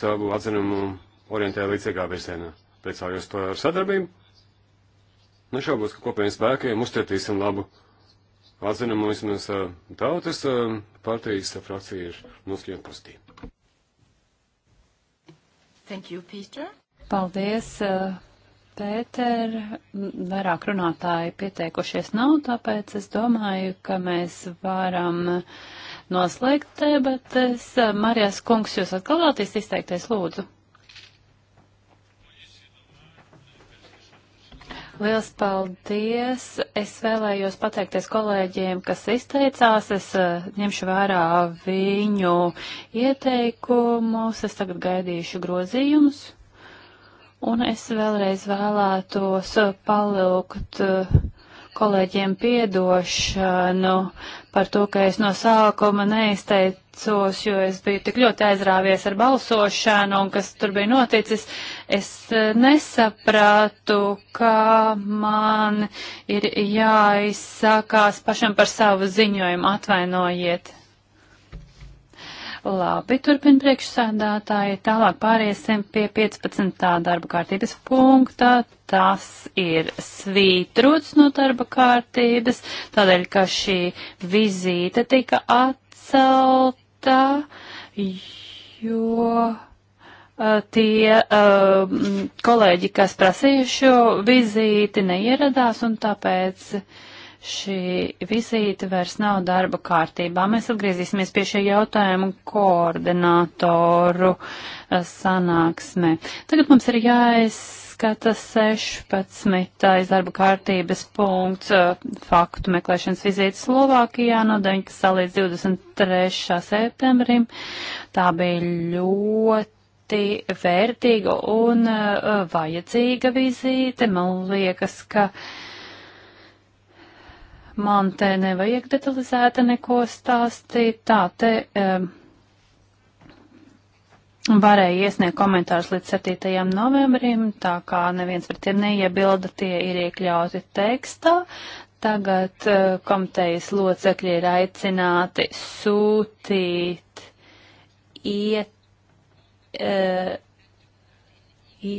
savu atzinumu orientē līdzīgā virzienā. Priecājos par sadarbību. Nešaubos, ka kopējiem spēkiem uztietīsim labu atzinumu vismaz eh, tautas eh, partijas frakcija ir noskaņot pozitīvi. Thank you, Peter. Paldies, eh, Pēter. Vairāk runātāji pieteikušies nav, tāpēc es domāju, ka mēs varam uh, noslēgt debates. Marijas kungs, jūs atkal vēlaties izteikties, lūdzu. Liels paldies! Es vēlējos pateikties kolēģiem, kas izteicās. Es uh, ņemšu vērā viņu ieteikumus. Es tagad gaidīšu grozījumus. Un es vēlreiz vēlētos palūgt uh, kolēģiem piedošanu par to, ka es no sākuma neizteicos, jo es biju tik ļoti aizrāvies ar balsošanu un kas tur bija noticis. Es e, nesapratu, ka man ir jāizsākās pašam par savu ziņojumu. Atvainojiet! Labi, turpin priekšsādātāji. Tālāk pāriesim pie 15. darba kārtības punktā. Tas ir svītrots no darba kārtības, tādēļ, ka šī vizīte tika atcelta, jo tie uh, kolēģi, kas prasīja šo vizīti, neieradās un tāpēc. Uh, šī vizīte vairs nav darba kārtībā. Mēs atgriezīsimies pie šī jautājuma koordinātoru eh, sanāksmē. Tagad mums ir jāizskata 16. darba kārtības punkts eh, faktu meklēšanas vizīte Slovākijā no 19. līdz 23. septembrim. Tā bija ļoti ļoti vērtīga un uh, vajadzīga vizīte. Man liekas, ka uh, Man te nevajag detalizēti neko stāstīt. Tā, te um, varēja iesniegt komentārus līdz 7. novembrim, tā kā neviens par tiem neiebilda, tie ir iekļauti tekstā. Tagad uh, komitejas locekļi ir aicināti sūtīt iet. Uh, eh, i,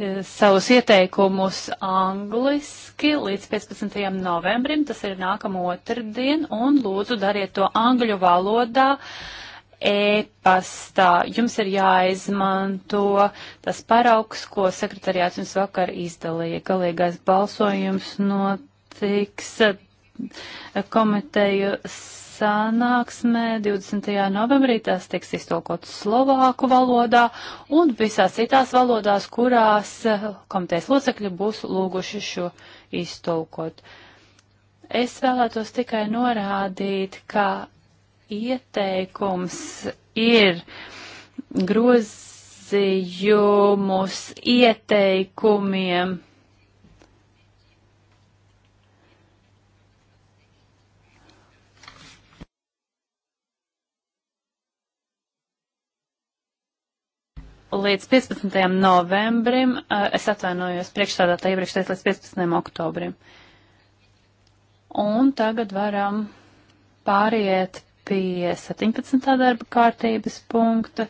E, savus ieteikumus angliski līdz 15. novembrim, tas ir nākamā otrdien, un lūdzu dariet to angļu valodā e-pastā. Jums ir jāizmanto tas paraugs, ko sekretariāts jums vakar izdalīja. Galīgais balsojums notiks e, komiteju sanāksmē 20. novembrī tas tiks iztolkots slovāku valodā un visās citās valodās, kurās eh, komitejas locekļi būs lūguši šo iztolkot. Es vēlētos tikai norādīt, ka ieteikums ir grozījumus ieteikumiem līdz 15. novembrim, eh, es atvainojos priekšstādātā iepriekš teicu līdz 15. oktobrim. Un tagad varam pāriet pie 17. darba kārtības punkta.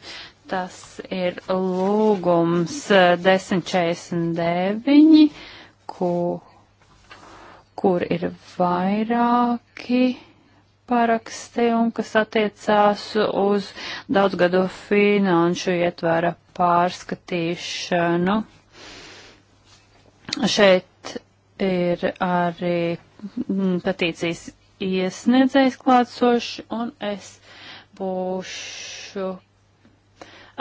Tas ir lūgums 1049, eh, ku, kur ir vairāki paraksti un kas attiecās uz daudzgado finanšu ietvara pārskatīšanu. Šeit ir arī mm, patīcijas iesniedzējs klātsošs, un es būšu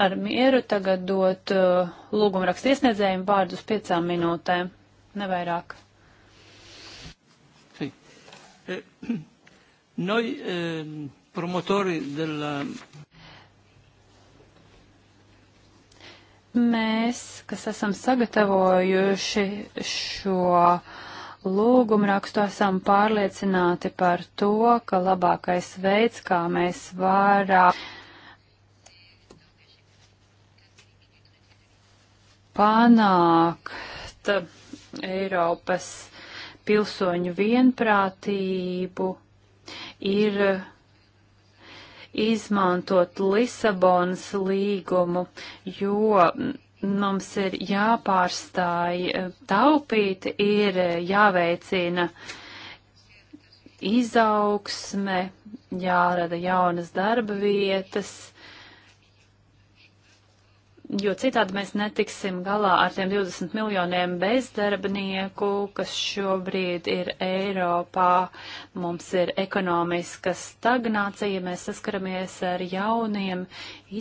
ar mieru tagad dot uh, lūgumrakstu iesniedzējiem vārdu uz piecām minūtēm, nevairāk. Sí. Noi eh, promotori della. Mēs, kas esam sagatavojuši šo lūgumu rakstu, esam pārliecināti par to, ka labākais veids, kā mēs varam panākt Eiropas pilsoņu vienprātību, ir eh, izmantot Lisabonas līgumu, jo mums ir jāpārstāj eh, taupīt, ir eh, jāveicina izaugsme, jārada jaunas darba vietas jo citādi mēs netiksim galā ar tiem 20 miljoniem bezdarbnieku, kas šobrīd ir Eiropā. Mums ir ekonomiska stagnācija, mēs saskaramies ar jauniem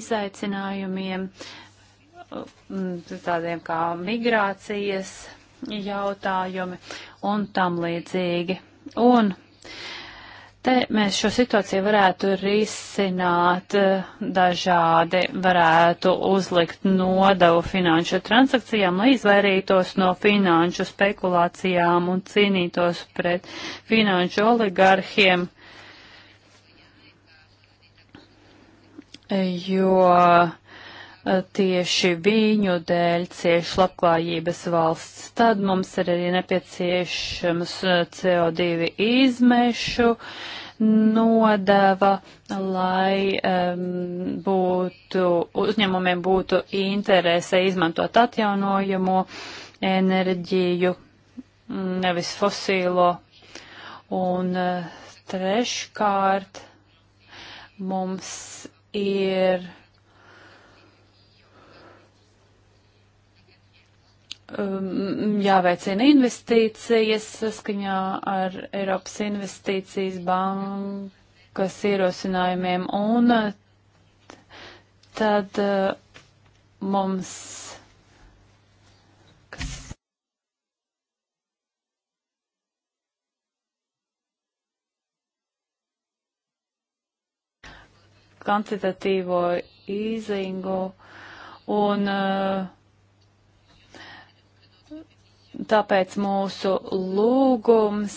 izaicinājumiem, mm, tādiem kā migrācijas jautājumi un tam līdzīgi. Un Te mēs šo situāciju varētu risināt eh, dažādi, varētu uzlikt nodevu finanšu transakcijām, lai izvairītos no finanšu spekulācijām un cīnītos pret finanšu oligarhiem, jo eh, tieši viņu dēļ cieš labklājības valsts. Tad mums ir arī nepieciešams eh, CO2 izmešu uh, nodeva, lai um, būtu, uzņēmumiem būtu interese izmantot atjaunojamo enerģiju, nevis fosīlo. Un uh, treškārt mums ir um, jāveicina investīcijas saskaņā ar Eiropas investīcijas bankas ierosinājumiem, un uh, tad uh, mums. Kas... kvantitatīvo īzingu un uh, Tāpēc mūsu lūgums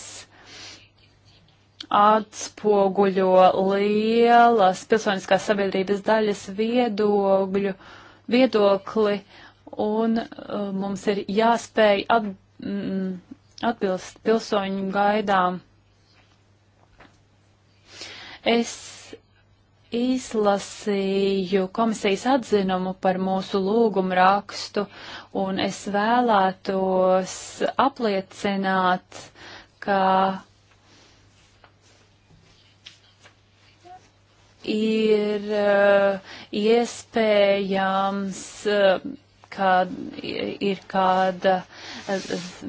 atspoguļo lielas pilsoniskās sabiedrības daļas viedogļu, viedokli, un uh, mums ir jāspēj at, mm, atbilst pilsoņu gaidām. Es izlasīju komisijas atzinumu par mūsu lūgumu rakstu, un es vēlētos apliecināt, ka ir uh, iespējams, uh, ka ir kāda uh,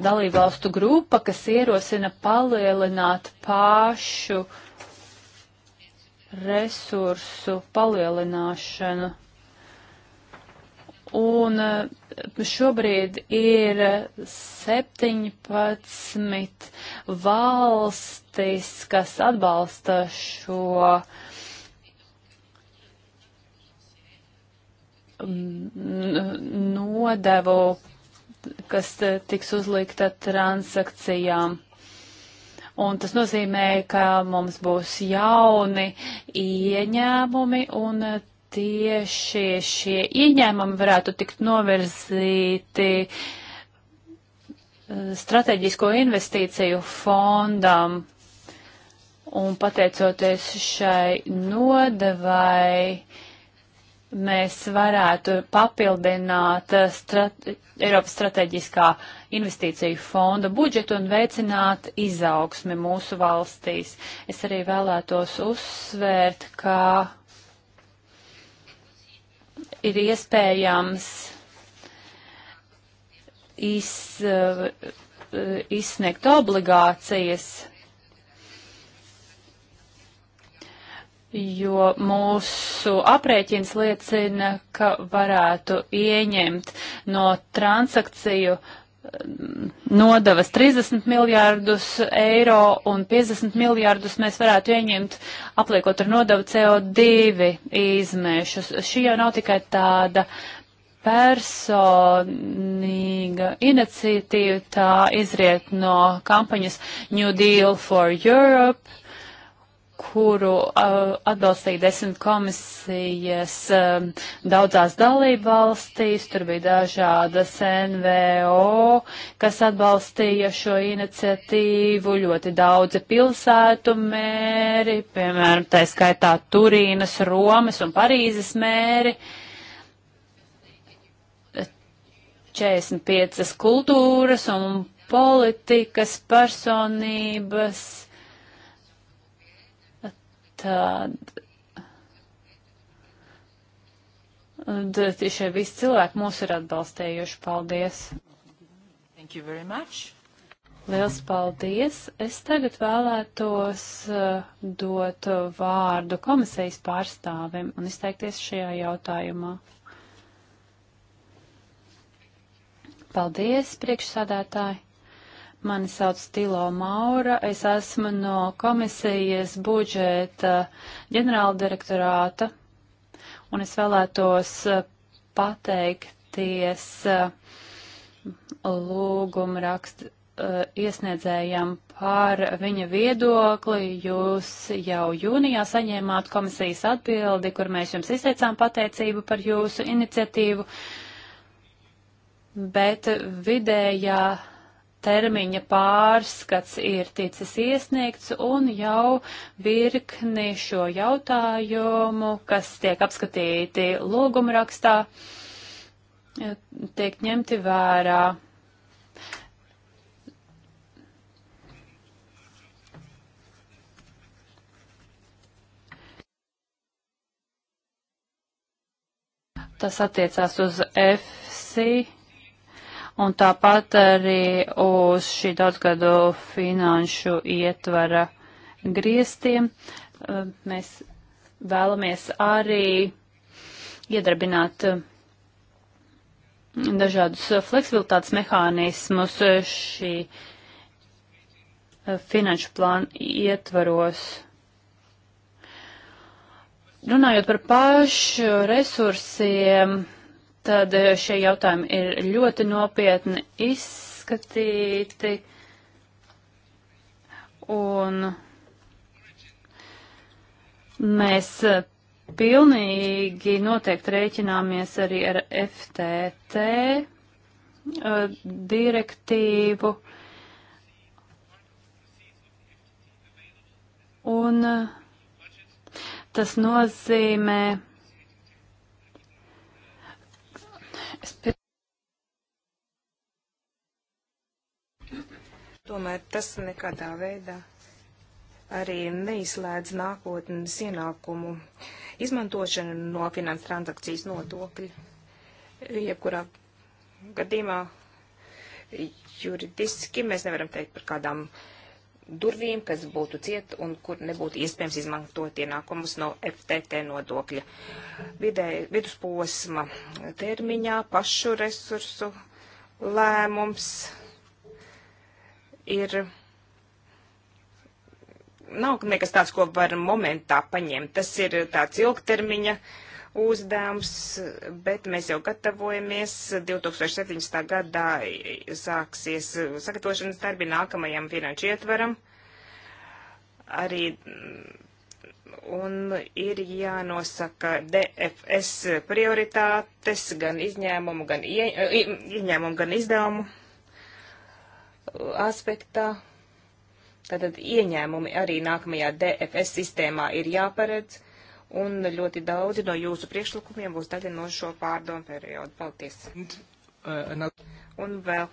dalībvalstu grupa, kas ierosina palielināt pašu uh, resursu palielināšanu. Un eh, šobrīd ir 17 valstis, kas atbalsta šo mm, nodevu, kas eh, tiks uzlikta transakcijām. Un tas nozīmē, ka mums būs jauni ieņēmumi un tieši šie ieņēmumi varētu tikt novirzīti eh, strateģisko investīciju fondam. Un pateicoties šai nodevai, mēs varētu papildināt strate Eiropas strateģiskā investīciju fonda budžetu un veicināt izaugsmi mūsu valstīs. Es arī vēlētos uzsvērt, ka ir iespējams iz, izsniegt obligācijas, jo mūsu aprēķins liecina, ka varētu ieņemt no transakciju nodavas 30 miljārdus eiro un 50 miljārdus mēs varētu ieņemt, apliekot ar nodavu CO2 izmēšus. Šī jau nav tikai tāda personīga iniciatīva, tā izriet no kampaņas New Deal for Europe, kuru uh, atbalstīja desmit komisijas um, daudzās dalībvalstīs. Tur bija dažādas NVO, kas atbalstīja šo iniciatīvu, ļoti daudzi pilsētu mēri, piemēram, tā skaitā Turīnas, Romas un Parīzes mēri. 45 kultūras un politikas personības tad eh, Tiešai visi cilvēki mūs ir atbalstējuši. Paldies! Thank you very much! Liels paldies! Es tagad vēlētos eh, dot vārdu komisijas pārstāvim un izteikties šajā jautājumā. Paldies, priekšsādātāji! Mani sauc Tilo Maura, es esmu no komisijas budžeta ģenerāla direktorāta, un es vēlētos eh, pateikties eh, lūguma rakstu eh, iesniedzējam par viņa viedokli. Jūs jau jūnijā saņēmāt komisijas atbildi, kur mēs jums izteicām pateicību par jūsu iniciatīvu, bet vidējā termiņa pārskats ir ticis iesniegts un jau virkni šo jautājumu, kas tiek apskatīti lūgumrakstā, tiek ņemti vērā. Tas attiecās uz FC un tāpat arī uz šī daudzgadu finanšu ietvara griestiem. Eh, mēs vēlamies arī iedarbināt eh, dažādus fleksibilitātes mehānismus šī eh, finanšu plāna ietvaros. Runājot par pašu resursiem, tad eh, šie jautājumi ir ļoti nopietni izskatīti. Un mēs eh, pilnīgi noteikti rēķināmies arī ar FTT eh, direktīvu. Un tas nozīmē, Tomēr tas nekādā veidā arī neizslēdz nākotnes ienākumu izmantošanu no finanses transakcijas nodokļa. Jebkurā gadījumā juridiski mēs nevaram teikt par kādām uh, durvīm, kas būtu ciet un kur nebūtu iespējams izmantot ienākumus no FTT nodokļa. Vidē, vidusposma termiņā pašu resursu lēmums ir. Nav nekas tāds, ko var momentā paņemt. Tas ir tāds ilgtermiņa uh, uzdevums, bet mēs jau gatavojamies. 2017. gadā sāksies sagatavošanas darbi nākamajam finanšu ietveram. Arī un ir jānosaka DFS prioritātes gan izņēmumu, gan, ie, ieņēmumu, gan izdevumu aspektā. Tātad ieņēmumi arī nākamajā DFS sistēmā ir jāparedz. Uh, un ļoti daudzi no jūsu priekšlikumiem būs daļa no šo pārdomu periodu. Paldies! Uh, un vēl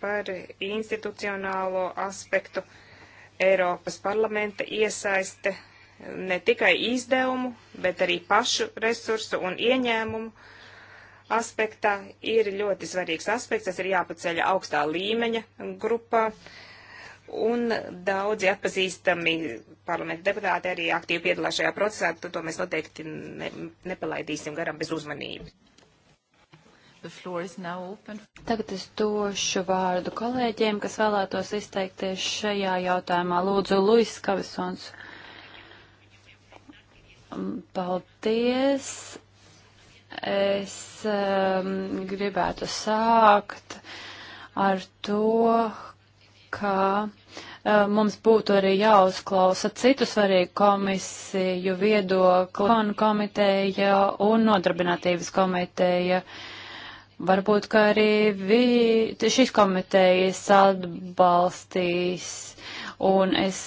par institucionālo aspektu Eiropas parlamenta iesaiste ne tikai izdevumu, bet arī pašu resursu un ieņēmumu aspektā ir ļoti svarīgs aspekts. Tas ir jāpaceļ augstā līmeņa grupā. Uh, un daudzi atpazīstami parlamenta deputāti arī aktīvi piedalās šajā procesā, tad to mēs noteikti ne, nepalaidīsim garām bez uzmanības. Tagad es došu vārdu kolēģiem, kas vēlētos izteikties šajā jautājumā. Lūdzu, Luis Kavisons. Mm, paldies. Es um, gribētu sākt ar to, ka mums būtu arī jāuzklausa citu svarīgu komisiju viedokli, konu komiteja un nodarbinātības komiteja. Varbūt, ka arī vi, šīs komitejas atbalstīs. Un es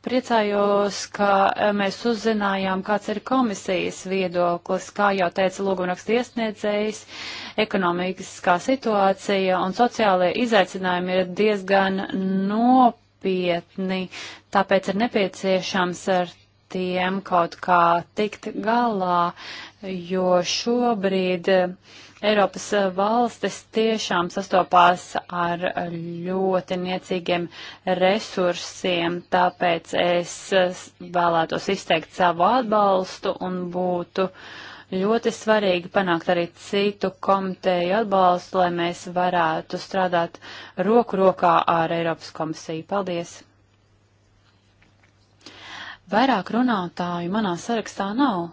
Priecājos, ka eh, mēs uzzinājām, kāds ir komisijas viedoklis, kā jau teica lūgumraksta iesniedzējs, ekonomiskā situācija un sociālajie izaicinājumi ir diezgan nopietni, tāpēc ir nepieciešams ar tiem kaut kā tikt galā, jo šobrīd uh, Eiropas eh, valstis tiešām sastopās ar eh, ļoti niecīgiem resursiem, tāpēc es eh, vēlētos izteikt savu atbalstu un būtu ļoti svarīgi panākt arī citu komiteju atbalstu, lai mēs varētu strādāt roku rokā ar Eiropas komisiju. Paldies! Vairāk runātāju manā sarakstā nav.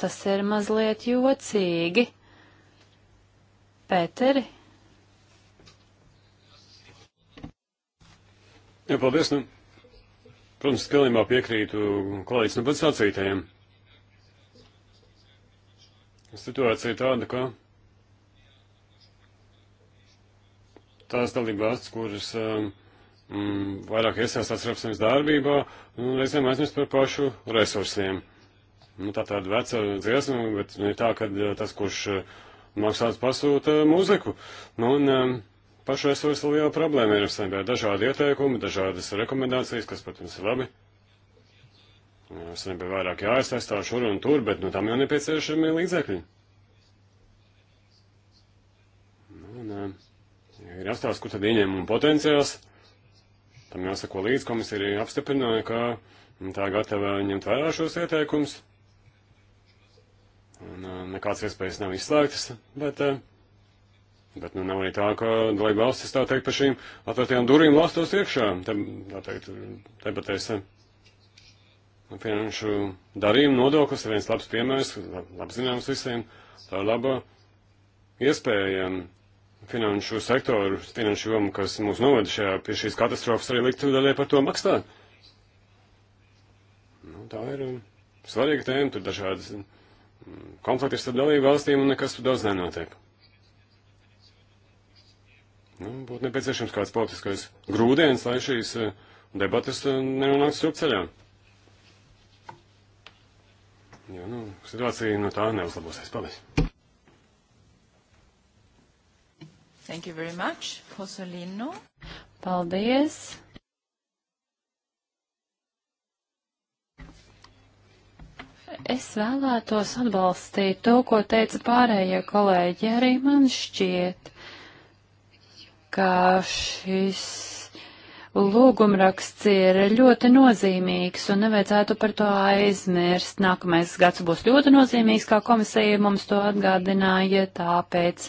Tas ir mazliet jocīgi. Pēteri. Jā, paldies. Nu. Protams, pilnībā piekrītu kolēģis nu pat sacītajiem. Situācija ir tāda, ka tās dalība valsts, kuras um, mm, vairāk iesaistās Eiropas darbībā, nu, reizēm aizmirst par pašu resursiem. Nu, tā tāda veca dziesma, bet nu, ir tā, ka uh, tas, kurš uh, maksāts pasūta eh, mūziku. Nu, un, eh, Pašais vairs liela problēma ir saimē dažādi ieteikumi, dažādas rekomendācijas, kas, protams, ir labi. Nu, saimē vairāk jāaizsaistā šur un tur, bet nu, tam jau nepieciešami līdzekļi. Nu, nē. Eh, ir jāstāsta, kur tad ieņēmuma potenciāls. Tam jāsako līdz komisija arī apstiprināja, ka tā gatava ņemt vērā šos ieteikumus. Un nekāds iespējas nav izslēgtas, bet, bet nu nav arī tā, ka, lai valstis tā teikt pa šīm atvērtajām durvīm lastos iekšā, te, tā teikt, debatēs. Finanšu darījuma nodoklis ir viens labs piemērs, labs zināms visiem, tā ir laba iespēja finanšu sektoru, finanšu jomu, kas mūs novada šajā, pie šīs katastrofas, arī liktu daļai par to maksāt. Nu, tā ir svarīga tēma, tur dažādas konflikti starp dalību valstīm un nekas tur daudz nenotiek. Nu, būtu nepieciešams kāds politiskais grūdienis, lai šīs eh, debatas eh, nenonāktu strupceļā. Jo, nu, situācija no tā neuzlabosies. Paldies. Thank you very much, Josolino. Paldies. Es vēlētos atbalstīt to, ko teica pārējie kolēģi. Arī man šķiet, ka šis lūgumraksts ir ļoti nozīmīgs un nevajadzētu par to aizmirst. Nākamais gads būs ļoti nozīmīgs, kā komisija mums to atgādināja, tāpēc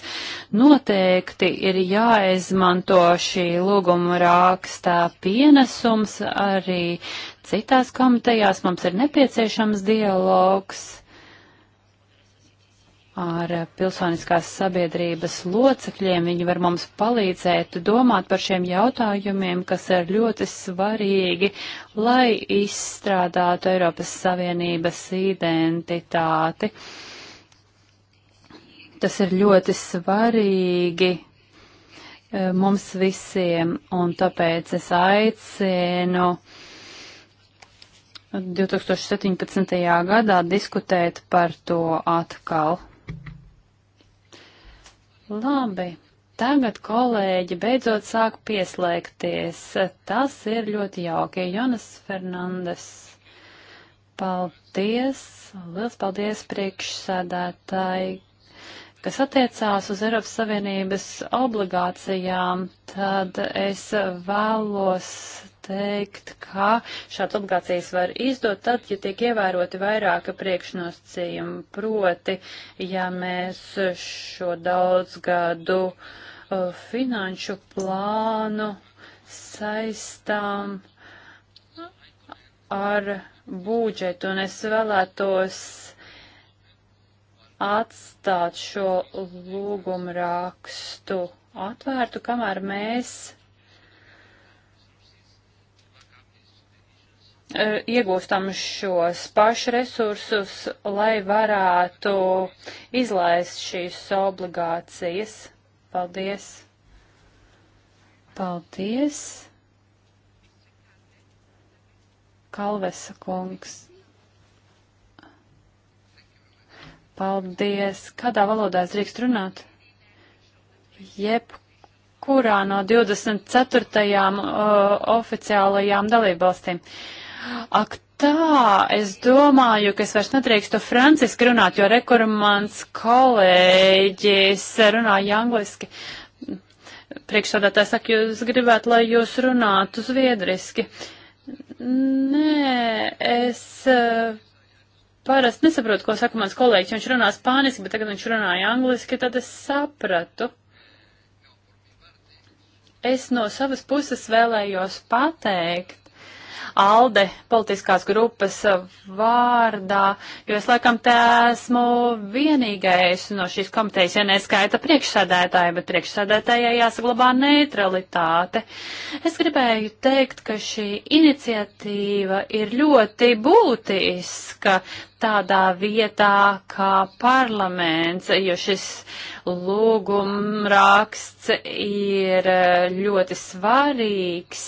noteikti ir jāizmanto šī lūgumrakstā pienesums arī citās komitejās. Mums ir nepieciešams dialogs ar pilsoniskās sabiedrības locekļiem. Viņi var mums palīdzēt domāt par šiem jautājumiem, kas ir ļoti svarīgi, lai izstrādātu Eiropas Savienības identitāti. Tas ir ļoti svarīgi eh, mums visiem, un tāpēc es aicinu 2017. gadā diskutēt par to atkal. Labi, tagad kolēģi beidzot sāk pieslēgties. Tas ir ļoti jauki. Jonas Fernandes, paldies! Liels paldies priekšsēdētāji, kas attiecās uz Eiropas Savienības obligācijām, tad es vēlos teikt, ka šāds obligācijas var izdot tad, ja tiek ievēroti vairāka priekšnosacījuma. Proti, ja mēs šo daudzgadu uh, finanšu plānu saistām ar budžetu, un es vēlētos atstāt šo lūgumu rakstu atvērtu, kamēr mēs Eh, iegūstam šos pašu resursus, lai varētu izlaist šīs obligācijas. Paldies! Paldies! Kalvesa kungs. Paldies! Kādā valodā es drīkst runāt? Jeb kurā no 24. Uh, eh, oficiālajām dalībvalstīm. Uh, Ak, tā, es domāju, ka es vairs nedrīkstu franciski runāt, jo rekur mans kolēģis runāja angliski. Priekšsādātājs saka, jūs gribētu, lai jūs runātu zviedriski. Nē, es eh, parasti nesaprotu, ko saka mans kolēģis. Viņš runā spāniski, bet tagad viņš runāja angliski, tad es sapratu. Es no savas puses vēlējos pateikt, ALDE politiskās grupas vārdā, jo es laikam te esmu vienīgais no šīs komitejas, ja neskaita priekšsēdētāja, bet priekšsēdētājai jāsaglabā neutralitāte. Es gribēju teikt, ka šī iniciatīva ir ļoti būtiska tādā vietā kā parlaments, jo šis lūgumraksts ir ļoti svarīgs.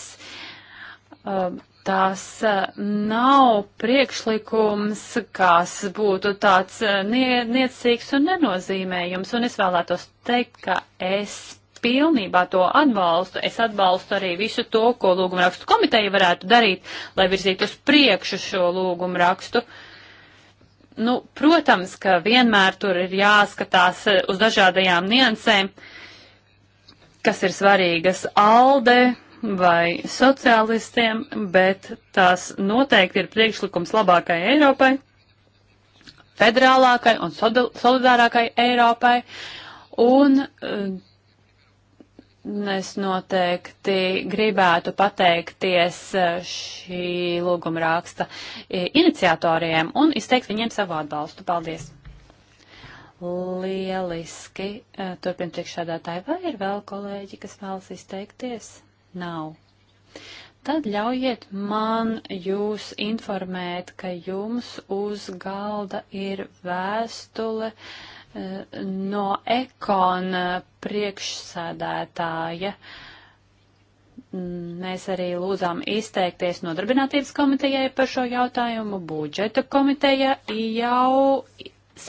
Um, tas eh, nav priekšlikums, kas būtu tāds eh, nie, niecīgs un nenozīmējums, un es vēlētos teikt, ka es pilnībā to atbalstu. Es atbalstu arī visu to, ko lūgumrakstu komiteja varētu darīt, lai virzītu uz priekšu šo lūgumrakstu. Nu, protams, ka vienmēr tur ir jāskatās eh, uz dažādajām niansēm, kas ir svarīgas. Alde, vai sociālistiem, bet tās noteikti ir priekšlikums labākai Eiropai, federālākai un solidārākai Eiropai. Un eh, es noteikti gribētu pateikties eh, šī lūguma raksta eh, iniciatoriem un izteikt viņiem savu atbalstu. Paldies! Lieliski. Turpin priekšādātāji, vai ir vēl kolēģi, kas vēlas izteikties? nav. Tad ļaujiet man jūs informēt, ka jums uz galda ir vēstule eh, no ekona eh, priekšsēdētāja. Mm, mēs arī lūdzām izteikties nodarbinātības komitejai par šo jautājumu. Budžeta komiteja jau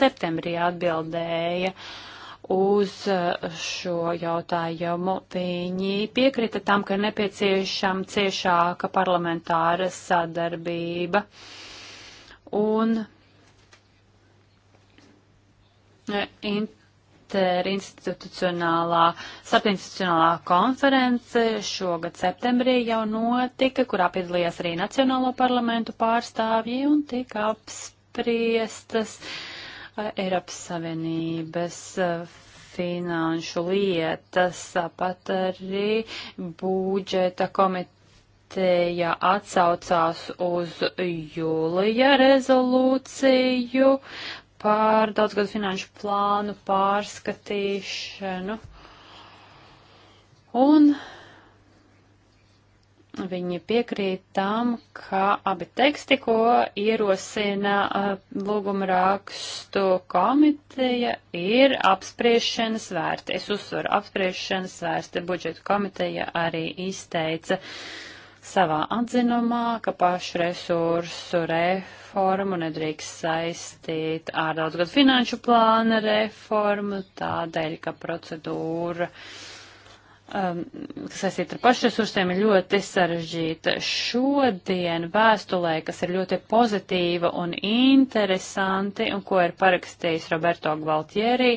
septembrī atbildēja. Uh, uz eh, šo jautājumu. Viņi piekrita tam, ka ir nepieciešama ciešāka parlamentāra sadarbība. Un eh, interinstitucionālā, starpinstitucionālā konference šogad septembrī jau notika, kurā piedalījās arī Nacionālo parlamentu pārstāvji un tika apspriestas uh, par Eiropas Savienības eh, finanšu lietas, tāpat arī budžeta komiteja atsaucās uz jūlija rezolūciju par daudzgadu finanšu plānu pārskatīšanu. Un Viņi piekrīt tam, ka abi teksti, ko ierosina uh, lūguma rakstu komiteja, ir apspriešanas vērti. Es uzsveru apspriešanas vērti. Budžeta komiteja arī izteica savā atzinumā, ka pašu resursu reformu nedrīkst saistīt ar daudzgadu finanšu plāna reformu, tādēļ, ka procedūra. Uh, um, kas saistīta ar pašresursiem, ir ļoti sarežģīta. Šodien vēstulē, kas ir ļoti pozitīva un interesanti, un ko ir parakstījis Roberto Gvaltieri,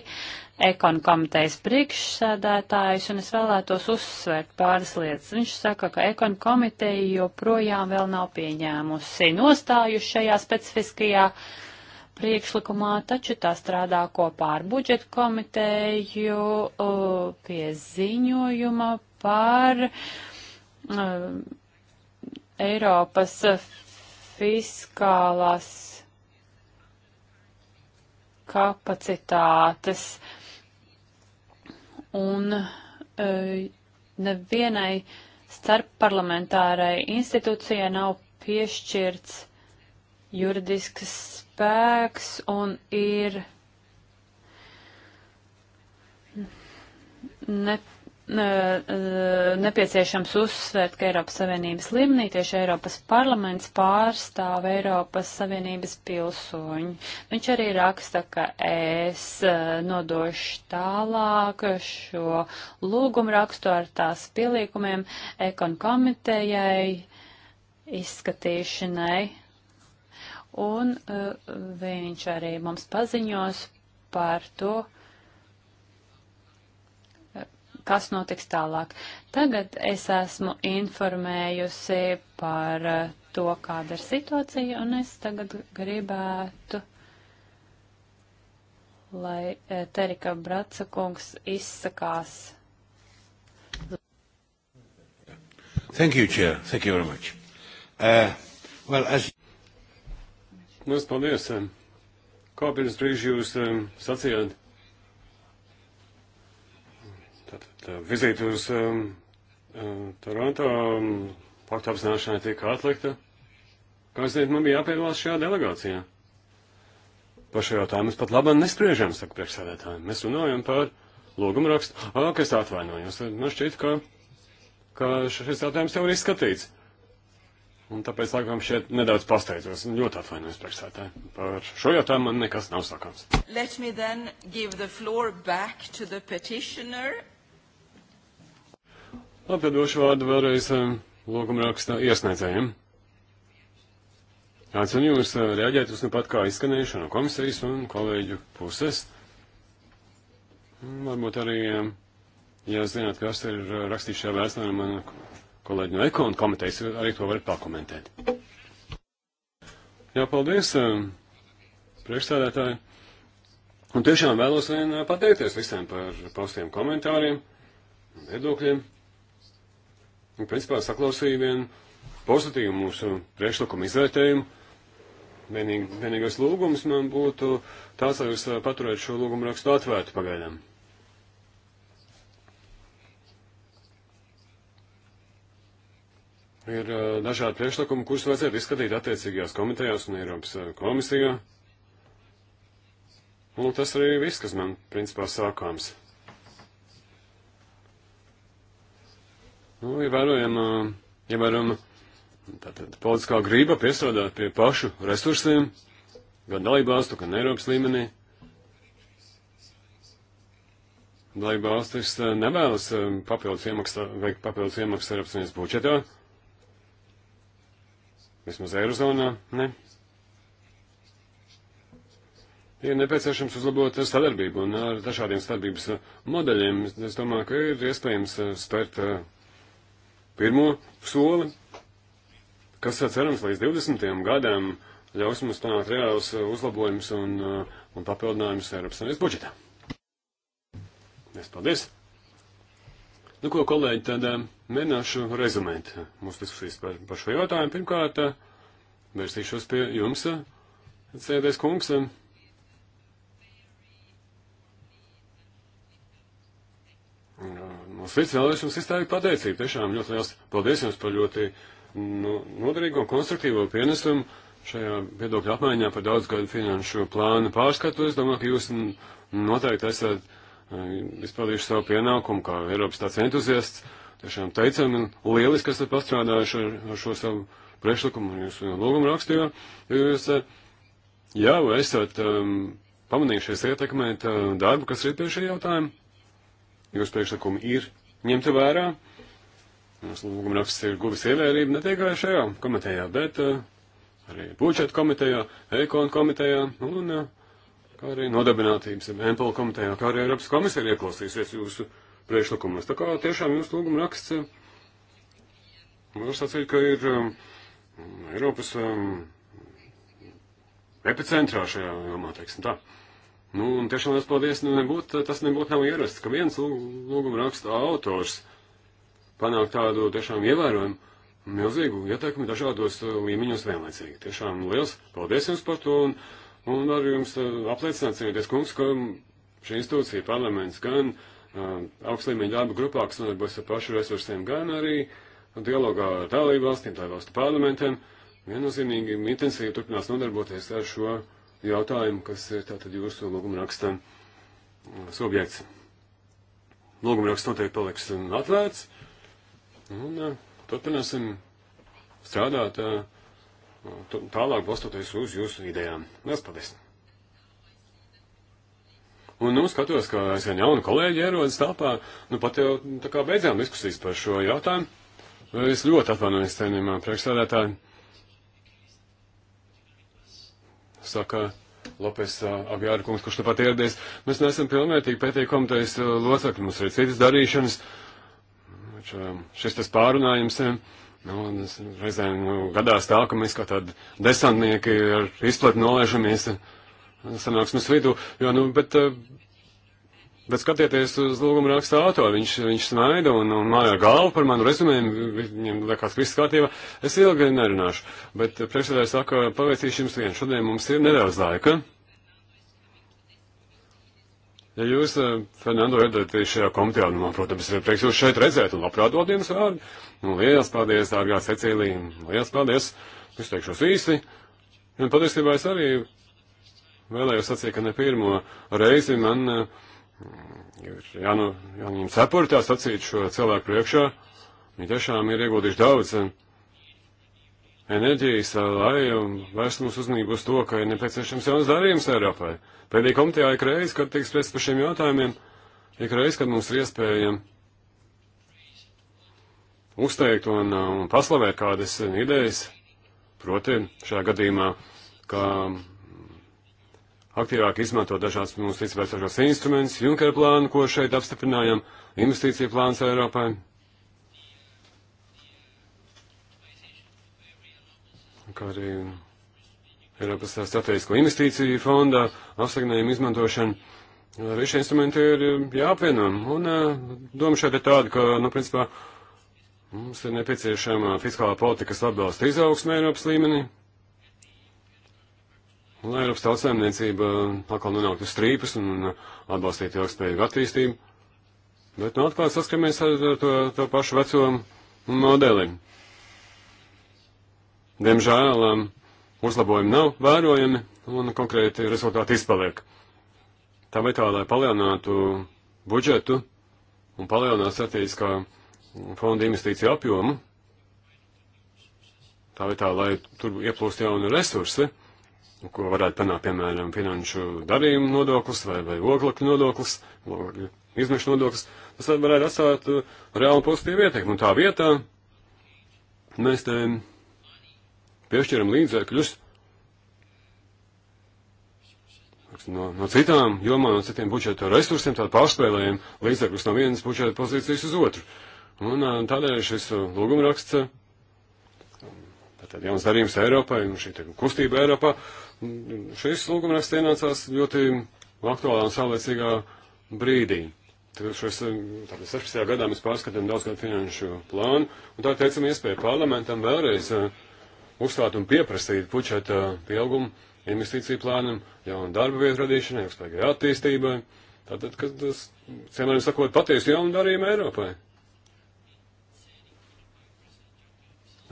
ekonu komitejas priekšsēdētājs, un es vēlētos uzsvērt pāris lietas. Viņš saka, ka ekonu komiteja joprojām vēl nav pieņēmusi nostāju šajā specifiskajā uh, priekšlikumā, taču tā strādā kopā ar budžetu komiteju pie ziņojuma par Eiropas fiskālās kapacitātes. Un e, nevienai starpparlamentārai institūcijai nav piešķirts juridisks spēks un ir ne, ne, nepieciešams uzsvērt, ka Eiropas Savienības līmenī tieši Eiropas parlaments pārstāv Eiropas Savienības pilsoņu. Viņš arī raksta, ka es eh, nodošu tālāk šo lūgumu rakstu ar tās pielīkumiem ekon komitejai izskatīšanai un uh, viņš arī mums paziņos par to, kas notiks tālāk. Tagad es esmu informējusi par uh, to, kāda ir situācija, un es tagad gribētu, lai uh, Terika Bracakungs izsakās. Thank you, Chair. Thank you very much. Uh, well, as... Mēs paldies. Kā pirms brīža jūs sacījāt? Tātad tā, eh, vizīte uz um, Toronto faktu apzināšanai tika atlikta. Kā ziniet, man bija jāpiedalās šajā delegācijā. Par šo jautājumu mēs pat labam nespriežam, saka priekšsēdētāji. Mēs runājam par lūgumu rakstu. Ā, kas atvainojos, man šķiet, ka, ka šis jautājums jau ir izskatīts. Un tāpēc laikam šeit nedaudz pasteidzos un ļoti atvainojos priekšsētāji. Par šo jautājumu man nekas nav sakāms. Let me then give the floor back to the petitioner. Labi, došu vārdu vēlreiz eh, logumraksta iesniedzējiem. Aicinu jūs eh, reaģēt uz nepat kā izskanēšanu komisijas un kolēģu puses. Varbūt arī, eh, ja zināt, kas ir rakstīts šajā vēstulē, man kolēģi no Ekona komitejas arī to var pakomentēt. Jā, paldies, um, priekšstādētāji. Un tiešām vēlos vien uh, pateikties visiem par paustiem komentāriem, viedokļiem. Un, principā, saklausīju vien pozitīvu mūsu priekšlikumu izvērtējumu. Vienīg, vienīgais lūgums man būtu tās, lai jūs uh, paturētu šo lūgumu rakstu atvērtu pagaidām. ir dažādi priekšlikumi, kurus vajadzētu izskatīt attiecīgajās komitejās un Eiropas komisijā. Un nu, tas arī viss, kas man principā sākāms. Nu, ievērojam, ievērojam tātad politiskā grība piestrādāt pie pašu resursiem, gan dalībvalstu, gan Eiropas līmenī. Dalībvalstis nevēlas papildus iemaksas, veikt papildus iemaksas Eiropas Savienības budžetā. Ja? Vismaz Eirozonā, ne? Ir nepieciešams uzlabot sadarbību, un ar dažādiem sadarbības modeļiem es domāju, ka ir iespējams eh, spērt eh, pirmo soli, kas, eh, cerams, līdz 20. gadam ļaus mums panākt reālus uzlabojumus un, un papildinājumus Eiropas Savienības budžetā. Paldies! Nu, ko, kolēģi, tad eh, mēģināšu rezumēt mūsu diskusijas par, par šo jautājumu. Pirmkārt, eh, vērsīšos pie jums, eh, sēdēs kungs. No sirds vēlēšu jums izteikt pateicību. Tiešām ļoti liels paldies jums par ļoti nu, noderīgo un konstruktīvo pienesumu šajā viedokļa apmaiņā par daudzgadu finanšu plānu pārskatu. Es domāju, ka jūs noteikti esat izpildījuši savu pienākumu kā Eiropas tāds entuziasts. Tiešām teicam, un lieliski esat pastrādājuši ar, ar šo savu priekšlikumu un jūsu lūgumu rakstījā, jo jūs eh, jau esat um, pamanījušies ietekmēt uh, darbu, kas ir pie šī jautājuma. Jūsu priekšlikumi ir ņemti vērā. Mūsu lūguma raksts ir guvis ievērību ne tikai šajā komitejā, bet uh, arī budžeta komitejā, ekonu komitejā un uh, kā arī nodarbinātības MPL komitejā, kā arī Eiropas komisija ir ieklausīsies jūsu priekšlikumus. Tā kā tiešām jūsu lūguma raksts, eh, var sacīt, ka ir um, Eiropas um, epicentrā šajā jomā, teiksim tā. Nu, un tiešām liels paldies, nu nebūt, tas nebūtu nav ierasts, ka viens lūguma raksta autors panāk tādu tiešām ievērojumu milzīgu ieteikumu dažādos uh, līmeņos vienlaicīgi. Tiešām liels paldies jums par to. Un, Un varu jums eh, apliecināt, cienīties kungs, ka šī institūcija, parlaments, gan uh, augstlīmeņa darba grupā, kas nodarbojas ar pašu resursiem, gan arī dialogā ar dalību valstīm, tā valstu parlamentiem, viennozīmīgi intensīvi turpinās nodarboties ar šo jautājumu, kas ir tātad jūsu lūguma raksta eh, subjekts. Lūguma raksts noteikti paliks atvērts, un uh, turpināsim strādāt. Uh, tālāk balstoties uz jūsu idejām. Lielas paldies! Un, nu, skatos, ka aizvien jauni kolēģi ierodas tāpā, nu, pat jau nu, tā kā beidzām diskusijas par šo jautājumu. Es ļoti atvainojos cienījumā priekšsādātāji. Saka Lopes Agāra kungs, kurš tepat ieradies. Mēs neesam pilnvērtīgi pētīja komitejas locekļi, mums ir citas darīšanas. Šis tas pārunājums. Nu, reizēm nu, gadās tā, ka mēs kā tādi desantnieki ar izpletu noliežamies eh, sanāksmes vidū, jo, nu, bet, eh, bet skatieties uz lūgumu raksta autori, viņš, viņš smaida un, un māja galvu par manu rezumējumu, viņam liekas viss kārtībā, es ilgi nerunāšu, bet priekšsēdājs saka, paveicīšu jums vienu, šodien mums ir nedaudz laika. Ja jūs, eh, Fernando, iedodaties šajā komitejā, nu, man, protams, ir prieks jūs šeit redzēt un labprāt dod jums vārdu, Nu, liels paldies, dārgā Cecīlija. Liels paldies. Es teikšos īsi. Un patiesībā es arī vēlējos sacīt, ka ne pirmo reizi man eh, ir jānu, jāņem cepurtā sacīt šo cilvēku priekšā. Viņi tiešām ir ieguldījuši daudz eh, enerģijas, eh, lai vērstu mūsu uzmanību uz to, ka ir nepieciešams jauns darījums Eiropai. Pēdējā komitejā ik reiz, kad tiks pēc par šiem jautājumiem, ik reiz, kad mums ir iespējams uzteikt un, uh, un paslavēt kādas idejas, proti šajā gadījumā, kā um, aktīvāk izmantot dažādas mūsu ticībēsošos instrumentus, Junkera plānu, ko šeit apstiprinājam, investīcija plāns Eiropai. Kā arī Eiropas strateģisko investīciju fonda apsagnējumu izmantošanu. Arī šie instrumenti ir um, jāapvieno. Un uh, doma šeit ir tāda, ka, nu, principā, Mums ir nepieciešama fiskālā politika, kas atbalsta izaugsmē Eiropas līmenī. Un Eiropas tautsēmniecība atkal nonāktu strīpes un atbalstītu ilgspējīgu attīstību. Bet nu atkal saskaramies ar to, to pašu veco modeli. Diemžēl um, uzlabojumi nav vērojami un konkrēti rezultāti izpaliek. Tā vietā, lai palielinātu budžetu un palielinātu strateģiskā fonda investīciju apjomu. Tā vietā, lai tur ieplūst jauni resursi, ko varētu panākt, piemēram, finanšu darījumu nodoklis vai, vai oglekļu nodoklis, izmešu nodoklis, tas varētu atstāt uh, reāli pozitīvu ietekmi. Un tā vietā mēs te piešķiram līdzekļus no, no citām jomām, no citiem budžeta resursiem, tādu pārspēlējumu līdzekļus no vienas budžeta pozīcijas uz otru. Uh, Un tādēļ šis lūgumraksts, tātad jauns darījums Eiropai un šī kustība Eiropā, šis lūgumraksts ienācās ļoti aktuālā un saulēcīgā brīdī. Šos, 16. gadā mēs pārskatām daudzgadu finanšu plānu, un tā teicam iespēju parlamentam vēlreiz uzstāt un pieprasīt pučeta pieaugumu investīciju plānam, jaunu darba vietu radīšanai, ilgspējīgai attīstībai. Tātad, kas tas, cienējami sakot, patiesi jaunu darījumu Eiropai.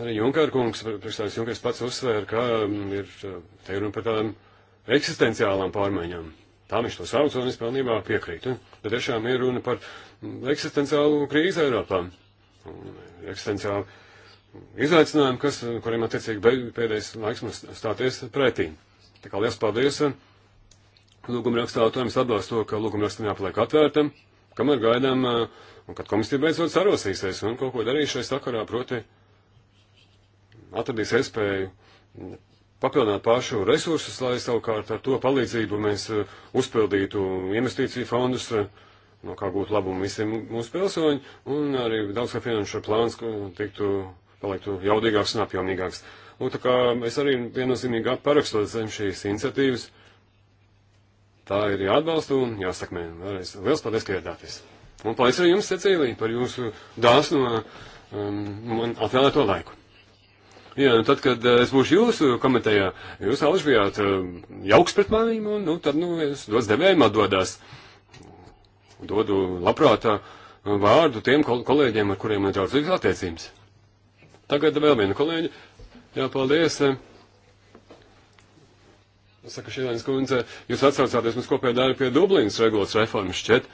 Arī Junkar kungs, priekšstājums Junkars pats uzsvēra, ka mm, ir eh, te runa par tādām eksistenciālām pārmaiņām. Tā viņš to sauc, un es pilnībā piekrītu. Tad tiešām ir runa par mm, eksistenciālu krīzi Eiropā. Eksistenciālu izaicinājumu, kas, eh, kuriem attiecīgi pēdējais laiks mums stāties pretī. Tā kā liels paldies eh, lūguma rakstā autoriem atbalstu to, ka lūguma rakstam jāpaliek atvērtam, kamēr gaidām, un kad komisija beidzot sarosīsies un kaut ko darīs šai sakarā, proti atradīs iespēju papildināt pašu resursus, lai savukārt ar to palīdzību mēs eh, uzpildītu investīciju fondus, eh, no kā gūtu labumu visiem mūsu pilsoņi, un arī daudz kā finanšu plāns tiktu, paliktu jaudīgāks un apjomīgāks. Un tā kā es arī viennozīmīgi parakstot zem šīs iniciatīvas, tā ir jāatbalsta un jāsakmē. Vēlreiz liels paldies, ka ieradāties. Un paldies arī jums, Cecīlija, par jūsu dāsno um, man atvēlēto laiku. Jā, nu tad, kad eh, es būšu jūsu komitejā, jūs alži bijāt eh, jauks pret manīm, un nu, tad, nu, es dos devējiem atdodās. Dodu labprāt eh, vārdu tiem kol kolēģiem, ar kuriem man draudzīgas attiecības. Tagad vēl viena kolēģa. Jā, paldies. Saka Šilēns kundze, jūs atsaucāties mums kopējā darba pie Dublinas regulas reformas šķiet,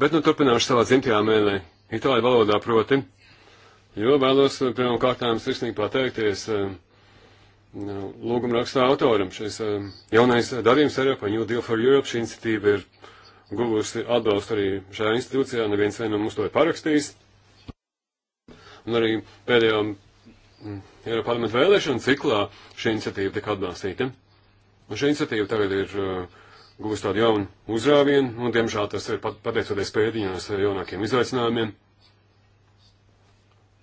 bet nu turpināšu savā dzimtajā mēlē, itāļu valodā proti. Jo vēlos eh, pirmām kārtām sirsnīgi pateikties eh, nu, lūguma rakstā autoram. Šis eh, jaunais darījums Eiropā, New Deal for Europe, šī iniciatīva ir guvusi atbalstu arī šajā institūcijā, neviens vien no mums to ir parakstījis. Un arī pēdējā mm, Eiropā parlamenta vēlēšana ciklā šī iniciatīva tika atbalstīta. Un šī iniciatīva tagad ir uh, gūst tādu jaunu uzrāvienu, un, diemžēl, tas ir pat, pateicoties pēdiņos jaunākiem izaicinājumiem.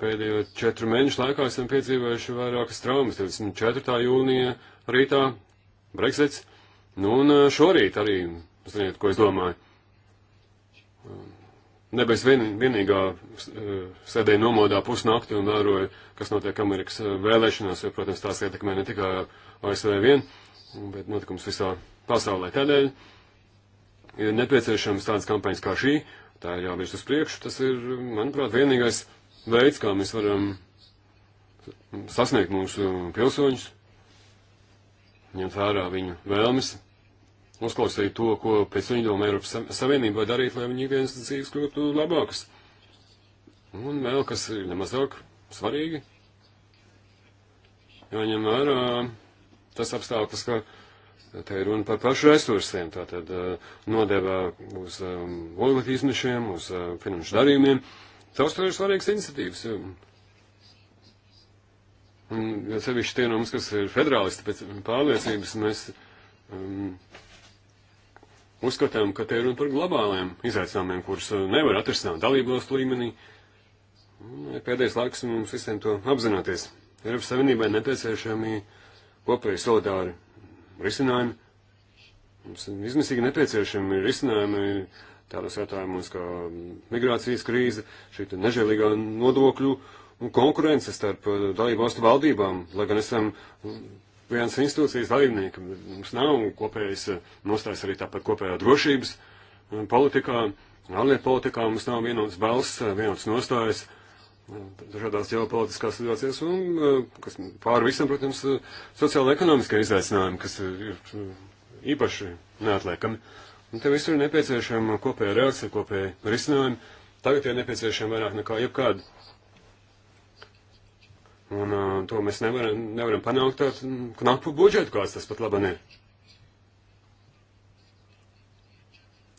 Pēdējo četru mēnešu laikā esam piedzīvojuši vairākas traumas. 24. jūnija rītā Brexits, nu un eh, šorīt arī, ziniet, ko es domāju. Nebēs vien, vienīgā eh, sēdēja nomodā pusnakti un vēroja, kas notiek Amerikas eh, vēlēšanās, jo, protams, tās ietekmē ne tikai ASV vien, bet notikums visā pasaulē. Tādēļ ir nepieciešams tādas kampaņas kā šī, tā ir jāvirz uz priekšu, tas ir, manuprāt, vienīgais veids, kā mēs varam sasniegt mūsu pilsoņus, ņemt vērā viņu vēlmes, uzklausīt to, ko pēc viņa doma Eiropas Savienība var darīt, lai viņu ikdienas dzīves kļūtu labākas. Un vēl, kas ir nemazāk svarīgi, jāņem vērā tas apstākļus, ka te ir runa par pašu resursiem, tātad eh, nodevā uz eh, oglekļa izmešiem, uz eh, finanšu darījumiem. Uh, Savstarpēji svarīgas iniciatīvas. Un, ja sevišķi tie no mums, kas ir federālisti pēc pārliecības, mēs um, uzskatām, ka te ir runa par globāliem izaicinājumiem, kurus uh, nevar atrisināt dalībvalstu līmenī. Un, pēdējais laiks mums visiem to apzināties. Eiropas Savienībai nepieciešami kopēji solidāri risinājumi. Mums ir izmisīgi nepieciešami risinājumi tādos jautājumos kā migrācijas krīze, šī nežēlīgā nodokļu konkurence starp uh, dalību valstu valdībām, lai gan esam vienas institūcijas dalībnieki, mums nav kopējas uh, nostājas arī tāpat kopējā drošības uh, politikā, ārlietu politikā mums nav vienotas balss, vienotas nostājas dažādās ģeopolitiskās situācijās un kas pāri visam, protams, sociāla ekonomiskie izaicinājumi, kas ir īpaši neatliekami. Un te visur ir nepieciešama kopēja reakcija, kopēja risinājuma. Tagad ir nepieciešama vairāk nekā jebkāda. Un uh, to mēs nevaram, nevaram panākt ar mm, knapu budžetu, kāds tas pat laba ir.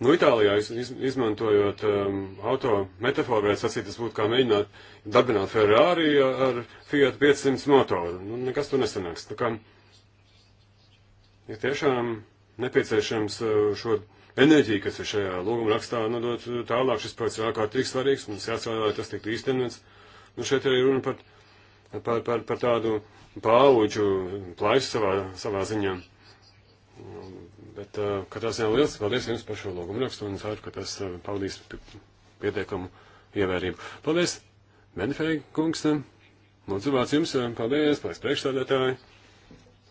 Nu, Itālijā iz, iz, izmantojot um, auto metaforu, varētu sacīt, tas būtu kā mēģināt darbināt Ferrari ar Fiat 500 motoru. Nu, nekas tur nesanāks. Tā kā ir tiešām nepieciešams uh, šo enerģija, kas ir šajā lūguma rakstā nodot nu, tālāk. Šis projekts ir ārkārtīgi svarīgs, mums jāstrādā, lai tas tiktu īstenots. Nu, šeit arī runa par, par, par, par tādu pāvuģu plaisu savā, savā ziņā. Nu, bet uh, katrā ziņā liels paldies jums par šo lūgumu rakstu un ceru, ka tas uh, pavadīs pietiekamu ievērību. Paldies, Benefēja kungs. Lūdzu, vārds jums. Paldies, paldies priekšstādētāji.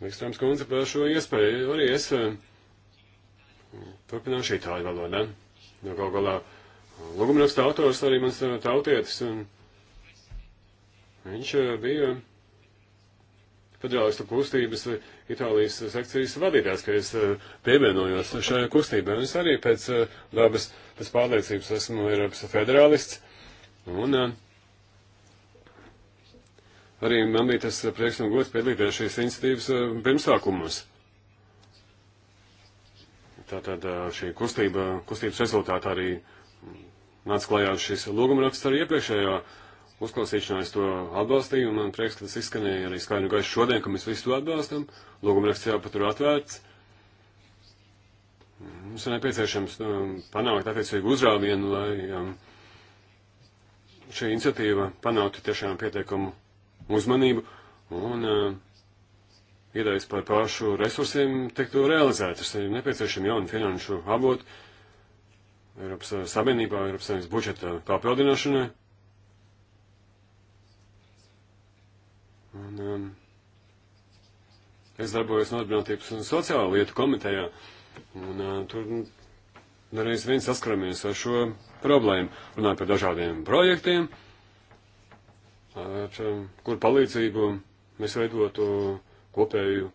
Vikstrāms kundze par šo iespēju. Arī es. Uh, Turpināšu itāļu valodā. Jo nu, gal galā lūgumraksta autors arī mans eh, tautietis, un viņš eh, bija federālistu kustības eh, Itālijas sekcijas vadītājs, ka es pievienojos šajā kustībā. Un es arī pēc labas, pēc pārliecības esmu Eiropas federālists, un arī man bija tas prieks un gods piedalīties šīs iniciatīvas pirmsākumos. Tātad šī kustība, kustības rezultātā arī nāca klajā šis lūgumraksts arī iepriekšējā uzklausīšanā. Es to atbalstīju, un man prieks, ka tas izskanēja arī skaidru gaišu šodien, ka mēs visu to atbalstam. Lūgumraksts jāpatur atvērts. Mums ir nepieciešams panākt attiecīgu uzrāvienu, lai šī iniciatīva panāktu tiešām pietiekumu uzmanību. Un, uh, idejas par pašu resursiem tiktu realizētas. Ir nepieciešami jauni finanšu avoti Eiropas Savienībā, Eiropas Savienības budžeta papildināšanai. Un, um, es darbojos Nodarbinātības un sociālo lietu komitejā, un uh, tur nereiz vien saskaramies ar šo problēmu. Runājot par dažādiem projektiem, ar, um, kur palīdzību mēs veidotu kopēju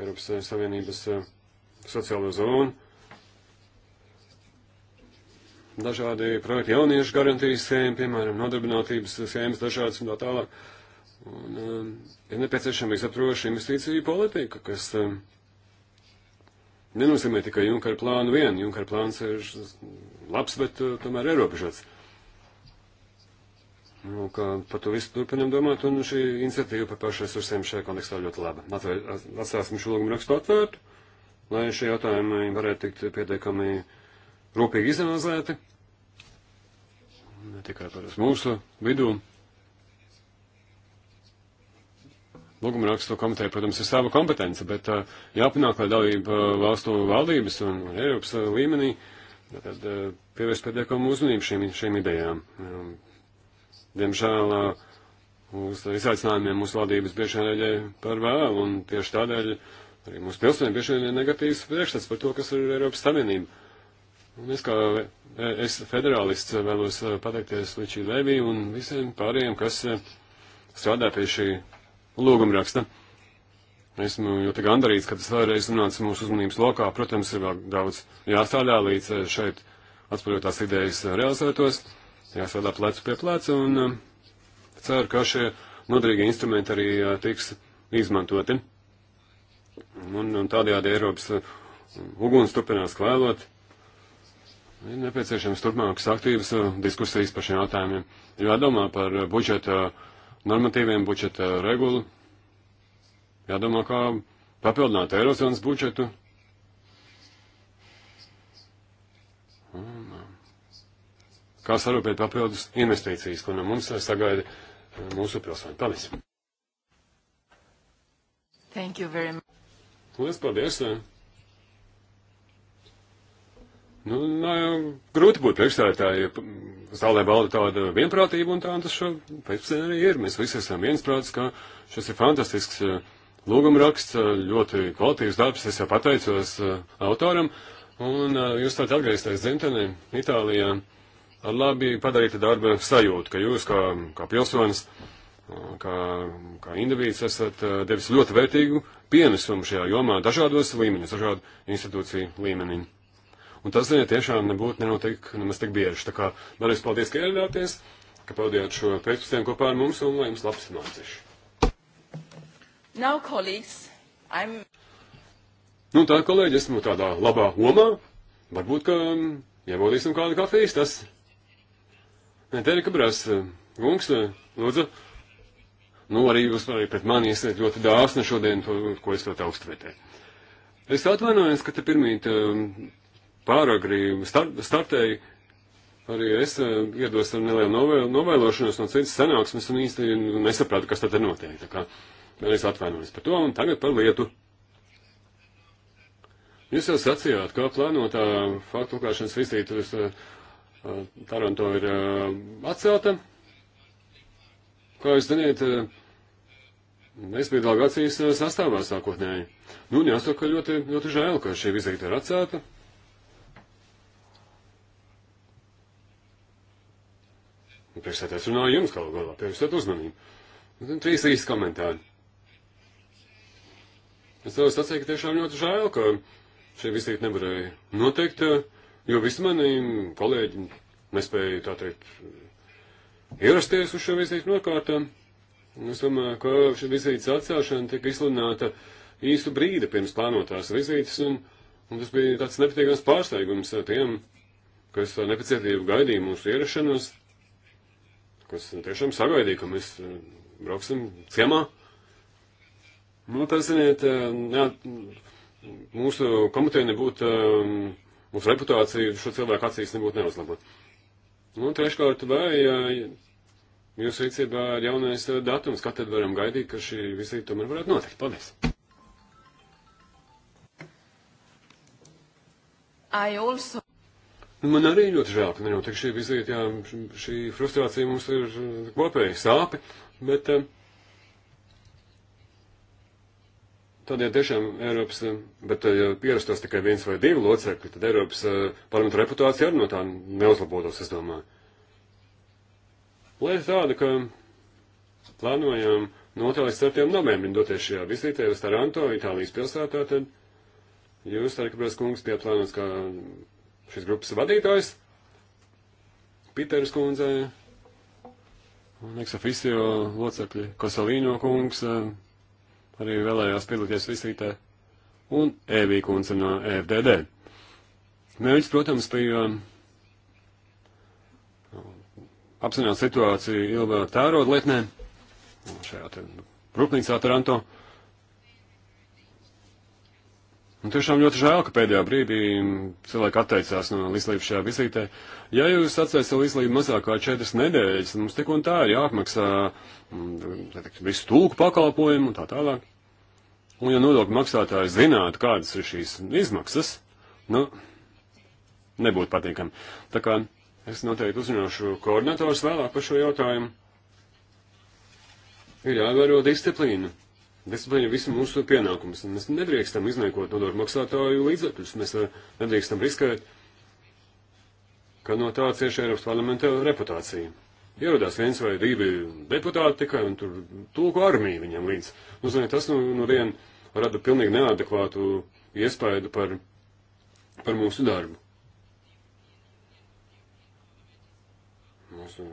Eiropas Savienības eh, sociālo zonu. Dažādi projekti jauniešu garantijas schēma, piemēram, nodarbinātības schēmas dažādas un tā tālāk. Un um, ir nepieciešama izsaproša investīciju politika, kas um, nenozīmē tikai Junkara plānu vienu. Junkara plāns ir labs, bet uh, tomēr ierobežots. Nu, par to visu turpinam domāt, un šī iniciatīva par pašresursiem šajā kontekstā ļoti laba. Atstāsim šo lūgumu rakstu atvērtu, lai šie jautājumi varētu tikt pietiekami rūpīgi izanalizēti, ne tikai par mūsu vidū. Lūguma rakstu komiteja, protams, ir sava kompetence, bet uh, jāpanāk, lai dalība valstu valdības un Eiropas līmenī tad, uh, pievērst pietiekamu uzmanību šīm, šīm idejām. Um, Diemžēl uz izaicinājumiem mūsu valdības bieži vien reaģē par vēlu, un tieši tādēļ arī mūsu pilsoņiem bieži vien ir negatīvs priekšstats par to, kas ir Eiropas Savienība. Un es kā es federālists vēlos pateikties Ličī Levī un visiem pārējiem, kas strādā pie šī lūgumraksta. Esmu ļoti gandarīts, ka tas vēlreiz nonāca mūsu uzmanības lokā. Protams, ir vēl daudz jāstrādā līdz šeit atspoļotās idejas realizētos jāsādā plecu pie pleca, un um, ceru, ka šie nodrīgi instrumenti arī uh, tiks izmantoti. Un, un tādējādi Eiropas uh, uguns turpinās kvēlot. Ir nepieciešams turpmākas aktīvas uh, diskusijas par šiem jautājumiem. Ir jādomā par budžeta normatīviem, budžeta regulu. Jādomā, kā papildināt Eirozonas budžetu, kā sarūpēt papildus investīcijas, ko no mums sagaida uh, mūsu pilsoņi. Paldies! Thank you very much. Lielas paldies! Uh. Nu, nā, grūti būt priekšstādātāji, ja zālē valda tāda vienprātība, un tā tas šo pēcpusdienā arī ir. Mēs visi esam viensprāts, ka šis ir fantastisks uh, lūgumraksts, ļoti kvalitīvs darbs, es jau pateicos autoram, un jūs tātad atgriezties dzimtenē Itālijā ar labi padarīta darba sajūtu, ka jūs kā, kā pilsonis, kā, kā individs esat eh, devis ļoti vērtīgu pienesumu šajā jomā dažādos līmeņos, dažādu institūciju līmenī. Un tas, ziniet, tiešām nebūtu nenotiek nemaz tik bieži. Tā kā vēlreiz paldies, ka ieradāties, ka pavadījāt šo pēcpusdienu kopā ar mums un lai jums labs mācīšu. Now, colleagues, I'm... Nu tā, kolēģi, esmu tādā labā omā. Varbūt, ka mm, ievadīsim kādu kafijas tas. Terika Brās, eh, kungs, eh, lūdzu. Nu, arī jūs arī pret mani esat ļoti dāsni šodien, to, ko es ļoti augstu vērtēju. Es atvainojos, ka te pirmīt eh, pāragri start, startēju. Arī es iedos ar nelielu novēl, novēlošanos no citas sanāksmes un īsti nesapratu, kas tad ir notiek. Tā kā es atvainojos par to un tagad par lietu. Jūs jau sacījāt, ka plānotā faktu klāšanas vizīte uz uh, Taranto ir atcelta. Kā jūs ziniet, es biju delegācijas sastāvā sākotnēji. Nu, jāsaka, ļoti, ļoti žēl, ka šī vizīte ir atcelta. Nu, priekšsēdētājs runāja jums kaut kādā, pievērsiet uzmanību. Nu, trīs īsti komentāri. Es tev sacīju, ka tiešām ļoti žēl, ka šī vizīte nevarēja noteikt. Uh, jo visi mani kolēģi nespēja, tā teikt, ierasties uz šo vizīti nokārtām. Es domāju, ka šī vizītes atcelšana tika izsludināta īstu brīdi pirms plānotās vizītes, un, un tas bija tāds nepatīkams pārsteigums tiem, kas ar nepacietību gaidīja mūsu ierašanos, kas tiešām sagaidīja, ka mēs eh, brauksim ciemā. Nu, tas, ziniet, eh, jā, mūsu komiteja nebūtu. Um, mūsu reputācija šo cilvēku acīs nebūtu neuzlabot. Nu, un treškārt, vai jūsu rīcībā ir jaunais eh, datums, kad tad varam gaidīt, ka šī vizīte tomēr varētu notikt? Paldies! Also... Nu, man arī ļoti žēl, ka nenotiek šī vizīte, jā, šī frustrācija mums ir kopēja sāpe, bet uh, Tad, ja tiešām Eiropas, eh, bet eh, ja pierastos tikai viens vai divi locekļi, tad Eiropas eh, parlamenta reputācija arī no tā neuzlabotos, es domāju. Lai tāda, ka plānojam no 8. līdz 4. novembrim doties šajā vizītē uz Taranto, Itālijas pilsētā, tad jūs, Tarkabrēs kungs, tiek plānots kā šis grupas vadītājs, Piteras kundze, un eksoficio locekļi, Kosalīno kungs, uh, arī vēlējās piedalīties visrītē, un Evī kundze no FDD. Mērķis, protams, bija um, apzināt situāciju Ilvā Tāroda lietnē, šajā te Rūpnīcā Taranto. Un tiešām ļoti žēl, ka pēdējā brīdī cilvēki atteicās no līdzlības šajā vizītē. Ja jūs atceļat savu līdzlību mazāk kā četras nedēļas, mums tik un tā ir jāapmaksā mm, visu tulku pakalpojumu un tā tālāk. Un, ja nodokļu maksātāji zinātu, kādas ir šīs izmaksas, nu, nebūtu patīkami. Tā kā es noteikti uzrunāšu koordinatorus vēlāk par šo jautājumu. Ir jāievēro disciplīna. Disciplīna ir visu mūsu pienākums. Mēs nedrīkstam izniekot nodokļu maksātāju līdzekļus. Mēs uh, nedrīkstam riskēt, ka no tā cieš Eiropas parlamenta reputācija ierodās viens vai divi deputāti tikai un tur tulku armija viņam līdz. Nu, ziniet, tas nu, nu vien rada pilnīgi neadekvātu iespēju par, par mūsu darbu. Mūsu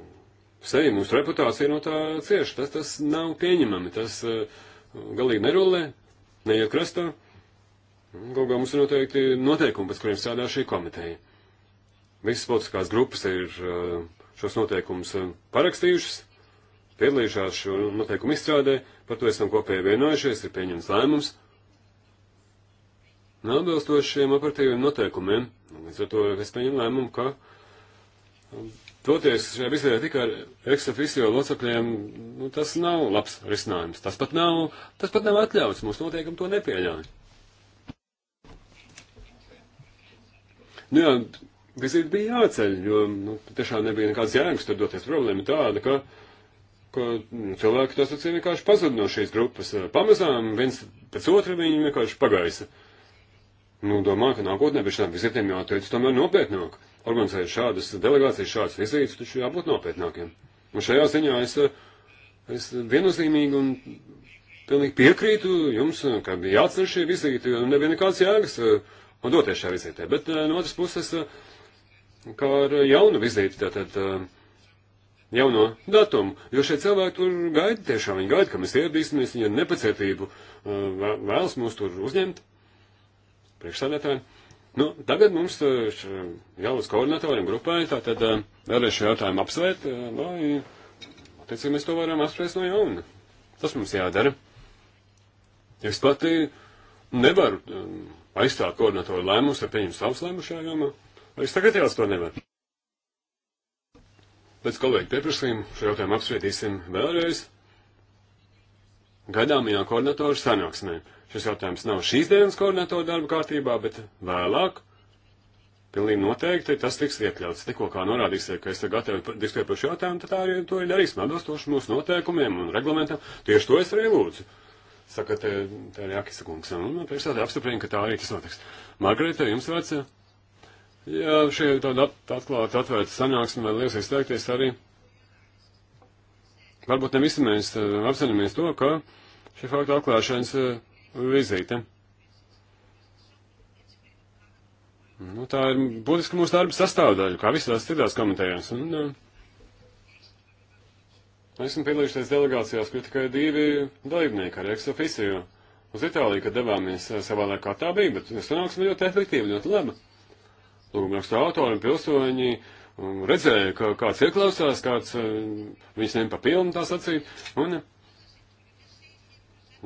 seja, mūsu reputācija no tā cieši. Tas, tas nav pieņemami. Tas uh, galīgi nerulē, neiet krastā. Galu galā mums ir noteikti noteikumi, pēc kuriem strādā šī komiteja. Visas politiskās grupas ir uh, šos noteikumus um, parakstījušas, piedalījušās šo noteikumu izstrādē, par to esam kopēji vienojušies, ir pieņemts lēmums. Neatbilstoši šiem operatīviem noteikumiem, nu, līdz ar to es pieņemu lēmumu, ka toties um, šajā visā tikai ar eksoficio locekļiem, nu, tas nav labs risinājums. Tas pat nav, tas pat nav atļauts, mūsu noteikumi to nepieļauj. Nu jā, vizīti bija jāceļ, jo nu, tiešām nebija nekāds jēgas tur doties. Problēma tāda, ka, ka nu, cilvēki tas acīm vienkārši pazuda no šīs grupas. Pamazām viens pēc otra viņi vienkārši pagaisa. Nu, domāju, ka nākotnē pie šādām vizītēm jātiec tomēr nopietnāk. Organizējot šādas delegācijas, šādas vizītes, taču jābūt nopietnākiem. Un šajā ziņā es, es viennozīmīgi un pilnīgi piekrītu jums, ka bija jāatcer šī vizīte, jo nu, nebija nekāds jēgas un uh, doties šajā vizītē. Bet uh, no otras puses, es, uh, kā ar jaunu vizīti, tātad jauno datumu, jo šie cilvēki tur gaida tiešām, viņi gaida, ka mēs ieradīsimies, viņi ar nepacietību vēlas mūs tur uzņemt, priekšsādātāji. Nu, tagad mums jālūdz koordinatoriem grupai, tātad vēlreiz šo jautājumu apsvērt, lai, attiecīgi, mēs to varam apspriest no jauna. Tas mums jādara. Es pati nevaru aizstāt koordinatoru lēmumus, vai pieņemt savus lēmumus šajā jomā. Līdz nu, tagad jau to nevar. Pēc kolēģa pieprasījuma šo jautājumu apsvietīsim vēlreiz gaidāmajā koordinatoru sanāksmē. Šis jautājums nav šīs dienas koordinatoru darba kārtībā, bet vēlāk. Pilnīgi noteikti tas tiks iekļauts. Tikko kā norādīsiet, ka esat gatavi diskutēt par šo jautājumu, tad tā arī to ir darīsim atbilstoši mūsu noteikumiem un reglamentam. Tieši to es arī lūdzu. Saka, te, te ir jākisa kungs. Un nu, priekšstādā apstiprina, ka tā arī tas notiks. Margarita, jums vērts Jā, šī ir tāda atklāta, atvērta sanāksme, man liekas izteikties arī. Varbūt ne visi mēs eh, apzināmies to, ka šī fakta atklāšanas eh, vizīte. Nu, tā ir būtiski mūsu darba sastāvdaļa, kā visās citās komitejās. Un, uh, eh, esmu piedalījušies delegācijās, kur tikai divi dalībnieki ar eksoficiju uz Itāliju, kad devāmies savā laikā. Tā bija, bet sanāksme ļoti efektīva, ļoti laba lūgumrakstu autori un pilsoņi redzēja, ka kāds ieklausās, kāds eh, viņus ņem pa pilnu tā sacīt, un,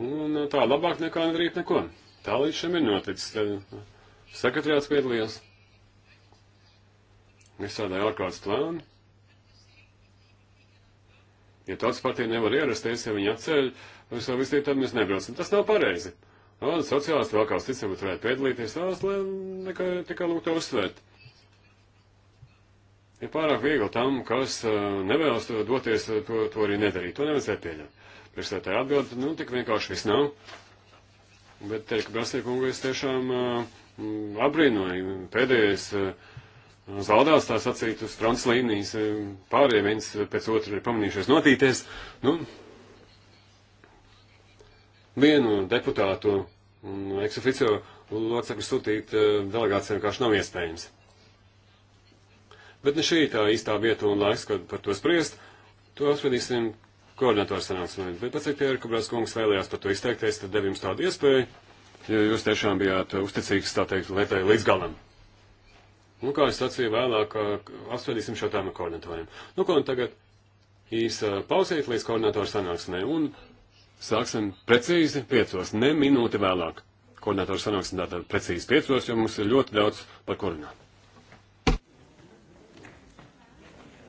un tā labāk nekā nedarīt neko. Tā līdz šim ir noticis. Eh, sekretariāts piedalījās. Izstrādāja ārkārtas plānu. Ja tāds partija nevar ierasties, ja viņi atceļ, uz savu vistību, tad mēs nebraucam. Tas nav pareizi. Un nu, sociālisti vēl kāds cits varbūt varētu piedalīties, vēlas, lai nekā, tikai lūk to uzsvērt. Ir pārāk viegli tam, kas eh, nevēlas doties, eh, to, to arī nedarīt. To nevajadzētu pieļaut. Priekšsētāji atbild, nu, tik vienkārši viss nav. Bet, teikt, ka Brasīkungu es tiešām eh, apbrīnoju. Pēdējais zaudās tā sacīt uz fronts līnijas, pārējie viens pēc otru ir pamanījušies notīties. Nu, vienu deputātu un eksoficio locekli sūtīt eh, delegācijai vienkārši nav iespējams. Bet ne šī tā īstā vieta un laiks, kad par to spriest, to apspriedīsim koordinatoru sanāksmē. Bet pats, ja Kabrās kungs vēlējās par to izteikties, tad devu jums tādu iespēju, jo jūs tiešām bijāt uzticīgs, tā teikt, lietai līdz galam. Nu, kā es sacīju vēlāk, apspriedīsim šo tēmu koordinatoriem. Nu, ko un tagad īsa pauzīt līdz koordinatoru sanāksmē. Un Sāksim precīzi piecos, ne minūti vēlāk. Koordinātors sanāksim tātad precīzi piecos, jo mums ir ļoti daudz par ko runāt.